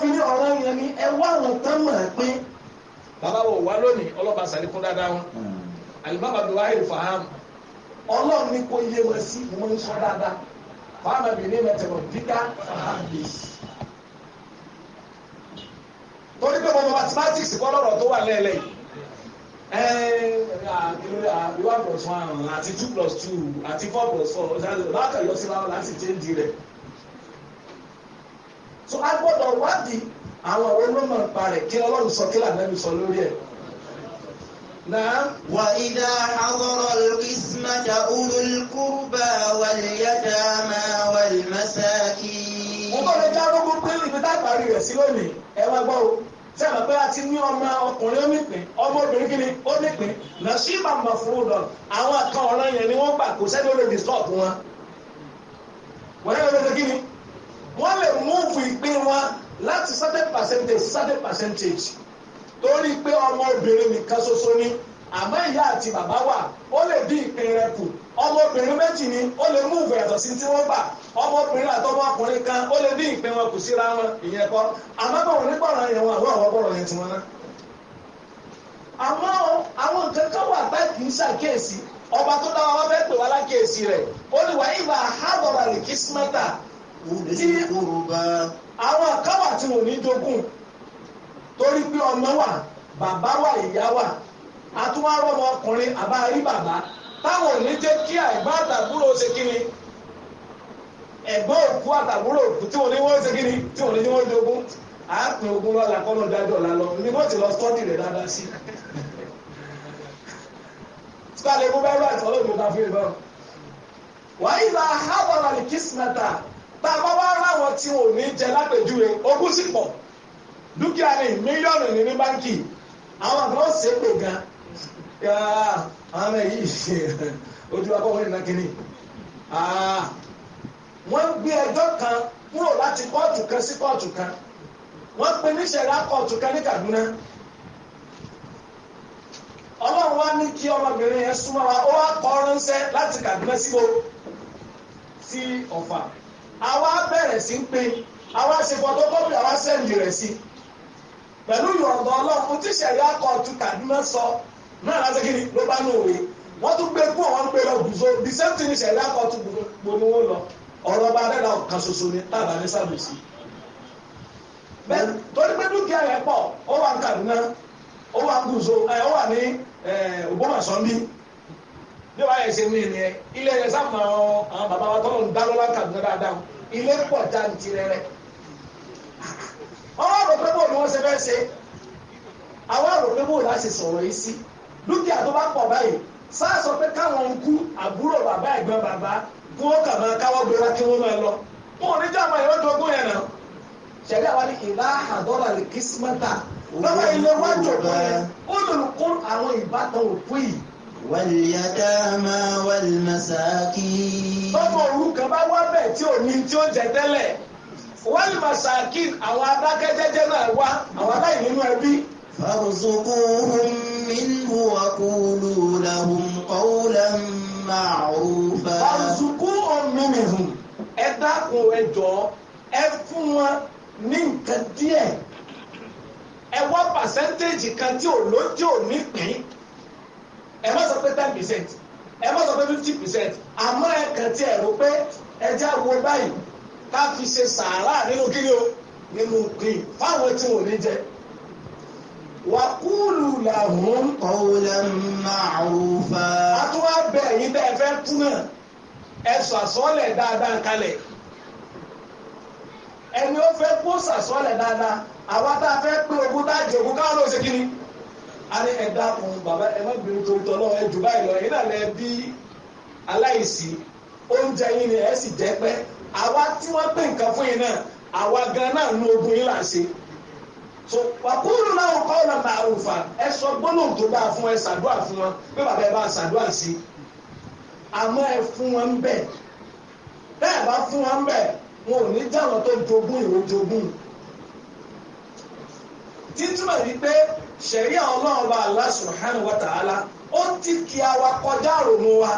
fi ní ọ̀rọ̀ yẹn ni ẹ wá àwọn tán mọ̀ ẹ́ pé. bàbá wò wá lónìí ọlọ́ba sàlékún dáadáa wọn hmm. alimami abdulwahid faham ọlọ́run ní kò yé wọn sí mo ń sọ dáadáa faham abìnrin mẹtẹ̀wọ̀ dídá faham bèsì torí pé mo mọ mathematics kọ́ lọ́rọ̀ tó wà lẹ́lẹ̀ yìí one plus one àti two plus two àti four plus four láti yọ sí láwọn láti change rẹ̀ so a gbọ́dọ̀ wádìí àwọn àwọn olómọ̀ nípa rẹ̀ kí ọlọ́run sọ kí lànàbí sọ lórí ẹ̀. وإذا حضر القسمة أولو القربى واليتامى والمساكين. mo tọ́ lè já gbogbo pé ibi tá a parí rẹ̀ sí lónìí ẹ wá gbọ́ o tí a mọ̀ pé a ti ní ọmọ ọkùnrin onípín ọmọ obìnrin kí ni onípín lọ sí màmá fúrúdọ̀ àwọn kan ọ̀rọ̀ yẹn ni wọ́n gbà kó sẹ́ni ó disturb wọn. wọ́n yẹ́ wọ́n kí ni wọ́n lè múùfù ìpín wọn láti certain percentage certain percentage torí pé ọmọ obìnrin nìkan ṣoṣo ni àmọ́ ìyá àti bàbá wà ó lè dín ìpín rẹ̀ kù ọmọbìnrin méjì ni ó lè mú ìwé yàtọ̀ sí tí wọ́n gbà ọmọbìnrin àtọmọkùnrin kan ó lè dín ìpín wọn kù síra wọn ìyẹn kọ́ àmọ́ bọ̀rọ̀ nígbọ̀ràn yẹn wọn àwọn àwọn bọ̀rọ̀ yẹn ti wọn náà. àmọ́ àwọn nǹkan kan wà bá kì í ṣàkíyèsí ọba tó dáwọ́ wọn fẹ́ pè wá lákíyèsí rẹ̀ ó lè wá ìgbà àhábọ̀rọ̀ àlè kìsímẹ́tà àwọn àkáwà tí wọ́n ní jogún torí pé ọmọ wà bàbá wà ìyá wà àtúwárọ ọmọ ọkùnrin àbá rí bàbá táwọn ò ní jẹ́ kí àìbá àtàbúrò ṣe kí ni ẹ̀gbọ́n òkú àtàbúrò òkú tí wọ́n ní wọ́n ṣe kí ni tí wọ́n ní wọ́n jogún àápin ogun lọ́la kọ́nà dájọ́ ọ̀la lọ ní wọ́n ti lọ sọ́ọ́dì rẹ̀ dáadáa sí i. sọ́ọ́dì egun bẹ́ẹ̀ rẹ̀ àti ọlọ́run ló ta fún ìbọn. wàá ìlà hábọ̀lá ní kìsìmẹ́ta bá a bá wá ráwọn tí wọn ò ní jẹ lápèjúwe ogún sì pọ̀ dúkìá ní mílíọ̀nù ní ní báńkì àwọn àgbọn ṣépè gan àwọn yìí ṣe ojú akọ́wé nínú kínní wọ́n gbé ẹjọ́ kan kúrò láti kóòtù kan sí kóòtù kan wọ́n pe níṣẹ̀lá kóòtù kan ní Kaduna ọlọ́run wá ní kí ọmọbìnrin yẹn súnmọ́ wa ó wá kọ́ ránṣẹ́ láti Kaduna síbo sí Ọ̀fà. Si àwa bẹ̀rẹ̀ sí ń pe àwa ṣe fọtọkọ́pì àwa sẹ́ǹdì rẹ̀ sí pẹ̀lú ìyọ̀ǹda ọlọ́run tí akọ̀tù Kaduna sọ náà láti kí ni ló bá ní òwe wọ́n tún gbé kú àwọn lọ gbùzó the same thing akọ̀tù wọn lọ ọ̀rọ̀ ṣoṣo ni tábà ní sábòsí torí pé dúkìá yẹn pọ̀ ó wà ní ó wà ní bí wàá yẹ ilé àwọn bàbá wa tọ́lọ̀ ń dá ilé pọ̀ já bò ṣe ṣe àwọn bò yìí sí dúkìá tó bá báyìí pé káwọn ń kú àbúrò bàbá bàbá kí kà máa gbéra kí máa lọ wọn ò ní ìwé yẹn náà ni ìlà àdọ́là lè kí lọ́wọ́ ilé wájú ọ̀gbọ́n yẹn ó àwọn ìbátan òkú wàlìyàdámà wàlìmàsáàkì. bọ́bọ̀ orúkọ bá wá bẹ̀ tí ò ní tí ó jẹ tẹ́lẹ̀ wàlìmàsáàkì àwọn adákẹ́jẹ́jẹ́ náà wá àwọn aláìní nínú ẹbí. farzuquhum minhu wa qulu lahum qawlan ma'rufa. farzuquhum minhu ẹ dákun ẹ jọ̀ọ́ ẹ fún wọn ní nǹkan díẹ̀ ẹ wá pàṣẹ́ntéèjì kan tí ò lójú ò ní pín ẹ má sọ pé ten percent ẹ má sọ pé fifty percent àmọ́ ẹ kàn tí ẹ rò pé ẹja wo báyìí ká fi ṣe sàárà nínú kíni o nínú green fáwọn tí wọn ò ní jẹ. wàkúùlù làwọn qawlan ma'rufa. a tún wá bẹ ẹ̀yin bẹ ẹ fẹ́ kú náà ẹ sọ àsọlẹ dáadáa kalẹ̀ ẹni ó fẹ́ kó sàsọlẹ dáadáa àwa tá a fẹ́ pé ogún tá a jẹ ogún káwọn ló ṣe kíni àrí ẹ dákun bàbá ẹ má bínú torí tọ́ náà ẹ jù báyìí lọ yìí náà lẹ bí aláìsí oúnjẹ yín ni ẹ sì jẹ pẹ́ àwa tí wọ́n pè nǹkan fún yín náà àwa gan nu ogun yín là ń ṣe so wàkúrú náà kọ́ ọ̀nà màrúfà ẹ sọ gbólóhùn tó dáa fún ẹ ṣàdúrà fún wọn pé bàbá ẹ bá ṣàdúrà sí àmọ́ ẹ fún wọn ń bẹ̀ bẹ́ẹ̀ bá fún wọn ń bẹ̀ wọn ò ní jáwọn tó jogún ìwé jogún títúmọ̀ ní pé ṣẹ̀ríà ọlọ́run bá Allah subhanahu wa ta'ala ó ti kí a wa kọjá àròmọ wa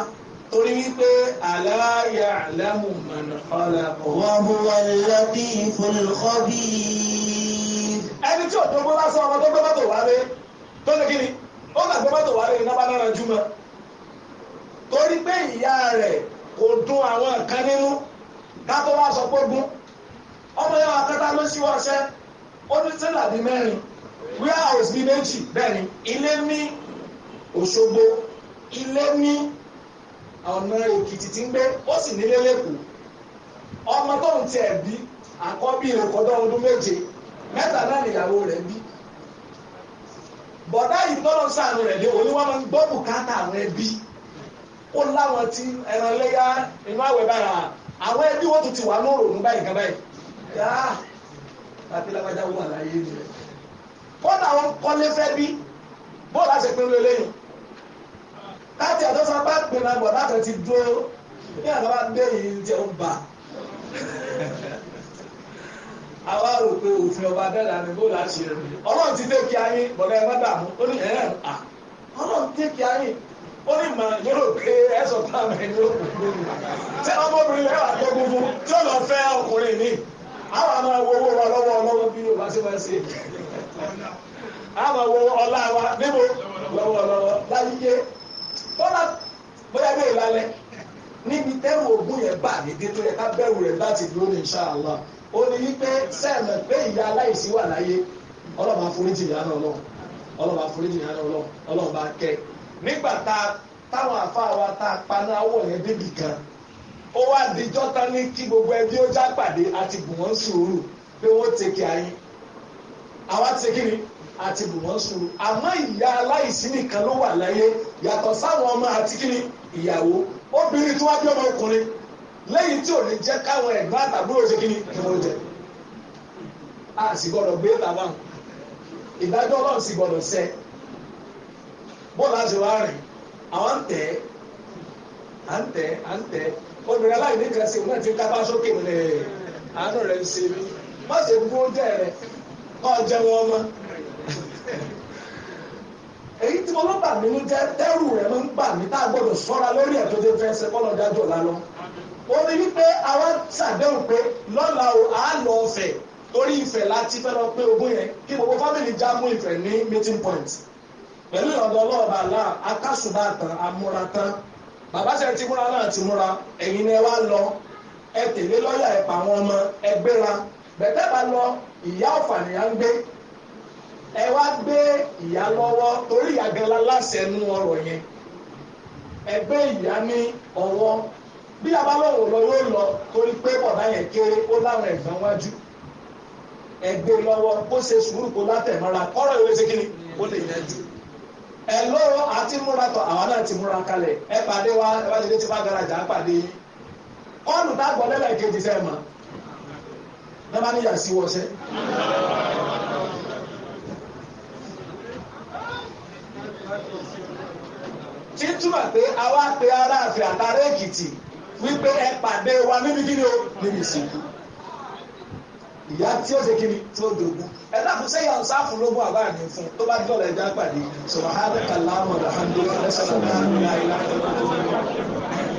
torí wípé ala ya'lamu man khalaqa wa huwa al-latiful khabir. ẹni tí òtò gbọ́ lásán ọmọ tó gbọ́ mọ́tò wá rẹ tó lè kíni ó gbàgbọ́ mọ́tò wá rẹ iná bá júmọ́ torí pé ìyá rẹ̀ kò dùn àwọn nǹkan nínú ká tó wá sọ pé gún ọmọ yẹn wà kátà ló ṣíwọ́ ọṣẹ́ ó ní tẹ́lá merin mẹ́rin warehouse bíi méjì bẹ́ẹ̀ ni ilé ní Òṣogbo ilé ní ọ̀nà Èkìtì tí ń gbé ó sì nílé lẹ́kọ̀ọ́ ọmọ tóun tiẹ̀ bí àkọ́bí òkọ́dọ́ ọdún méje mẹ́ta náà nìyàwó rẹ̀ bí bọ̀dá yìí tọ́lọ́ sáànù rẹ̀ dé òní wọn gbọ́ bùkátà àwọn ẹbí ó láwọn tí ẹran léyà inú àwẹ̀ àwọn ẹbí wọn tún ti àti lágbájá wà láyé ni kọ́nà àwọn kọ́lé fẹ́ bí bóòlù àti ìpinnu eléyìí láti àtọ́sọ bá pinnu àgbọ̀ láti ti dúró ní àgbà dé yìí jẹ́ ń bà àwa rò pé òfin ọba dáadáa ni bóòlù àti ìrìn ọlọ́run ti dé kí ayé bọ̀dá ẹ̀ má dààmú ó ní ẹ̀ à ọlọ́run ti dé kí ayé ó ní mà yóò pé ẹ̀sọ̀ tá a mẹ́ yóò pè é ṣé ọmọbìnrin rẹ̀ wà tó gbogbo tí ó lọ fẹ́ ọkùnrin ní. àwọn owó owó níbi tẹ́rù ògùn yẹn bà ní tó yẹ ká bẹ̀rù rẹ̀ láti dúró ní inshallah ó ní wípé sẹ́ẹ̀mẹ̀ pé ìyá aláìsí wà láyé ọlọ́mà foríjì ìyá náà lọ́wọ́ ọlọ́mà ó wá dijọ́ tán ní kí gbogbo ẹbí ó já pàdé àti bù wọ́n sùúrù pé wọ́n ayé àwa kí ni àti bù wọ́n sùúrù àmọ́ ìyá aláìsí nìkan ló wà láyé yàtọ̀ sáwọn ọmọ àti kí ni ìyàwó obìnrin ọmọ ọkùnrin lẹ́yìn tí ò jẹ́ káwọn ẹ̀gbọ́n kí a sì gbé bàbá wọn ìdájọ́ ọlọ́run sì bọ́ọ̀lù àti wàá rìn obìnrin aláìní kan sí náà ti kápá sókè ní àánú rẹ̀ ń ṣe mí má ṣe bú oúnjẹ rẹ̀ máa jẹ wọn mọ́. èyí tí wọn lọ́gbà nínú jẹ́ tẹ́rù rẹ̀ máa ń gbà mí tá a gbọ́dọ̀ sọ́ra lórí ẹ̀ tó dé fẹ́ ṣe kọ́lọ̀ dájọ́ lálọ́. ó ní wípé àwa ṣàdéhùn pé lọ́la o àá lọ ọ̀fẹ́ torí ìfẹ́ láti fẹ́ lọ pé ogún yẹn kí gbogbo fámìlì já mú ìfẹ́ ní meeting point pẹ̀lú ìrọ̀lọ́ a aláà akásùbà tán amúra tán bàbá sẹ ti múra náà ti múra ẹ̀yin ni ẹ wá lọ ẹ tẹ̀lé lọ́ọ̀yà ẹ pa àwọn ọmọ ẹ gbéra bẹ̀tẹ̀ bá lọ ìyá ọ̀fà nìyà ń gbé ẹ wá gbé ìyá lọ́wọ́ torí ìyá gẹlá láṣẹ nú ọ̀rọ̀ yẹn ẹ gbé ìyá ní ọwọ́ bí abálọ̀wọ̀ lọ yóò lọ torí pé bọ̀dá yẹn kéré ó láwọn ẹ̀gbọ́n wájú ẹ gbé lọ́wọ́ kó ṣe sùúrù kó látẹ̀ mọ́ra kọ́rọ̀ ìwé ṣe kí ni ó lè yanjú. ẹ ati àti múra àwọn náà ti múra kalẹ̀ ẹ pàdé wa ẹ bá bá garajà pàdé yín ọ̀nù tá a gbọ́ lẹ́lẹ̀ kejì ẹ bá níyà sí wọ́sẹ́. títúmọ̀ pé àwa pe àtàrà èkìtì wípé ẹ pàdé wa níbi ìyá tí ó ṣe kíni tí ó dogun ẹ dákun sẹ́yìn àwọn sáfù lógún àbá mi fún tó bá dọ̀rọ̀ ẹja pàdé sọ̀rọ̀ hádẹ́kàlámọ̀ alhamdulilayi sọ̀rọ̀ hádẹ́kàlámọ̀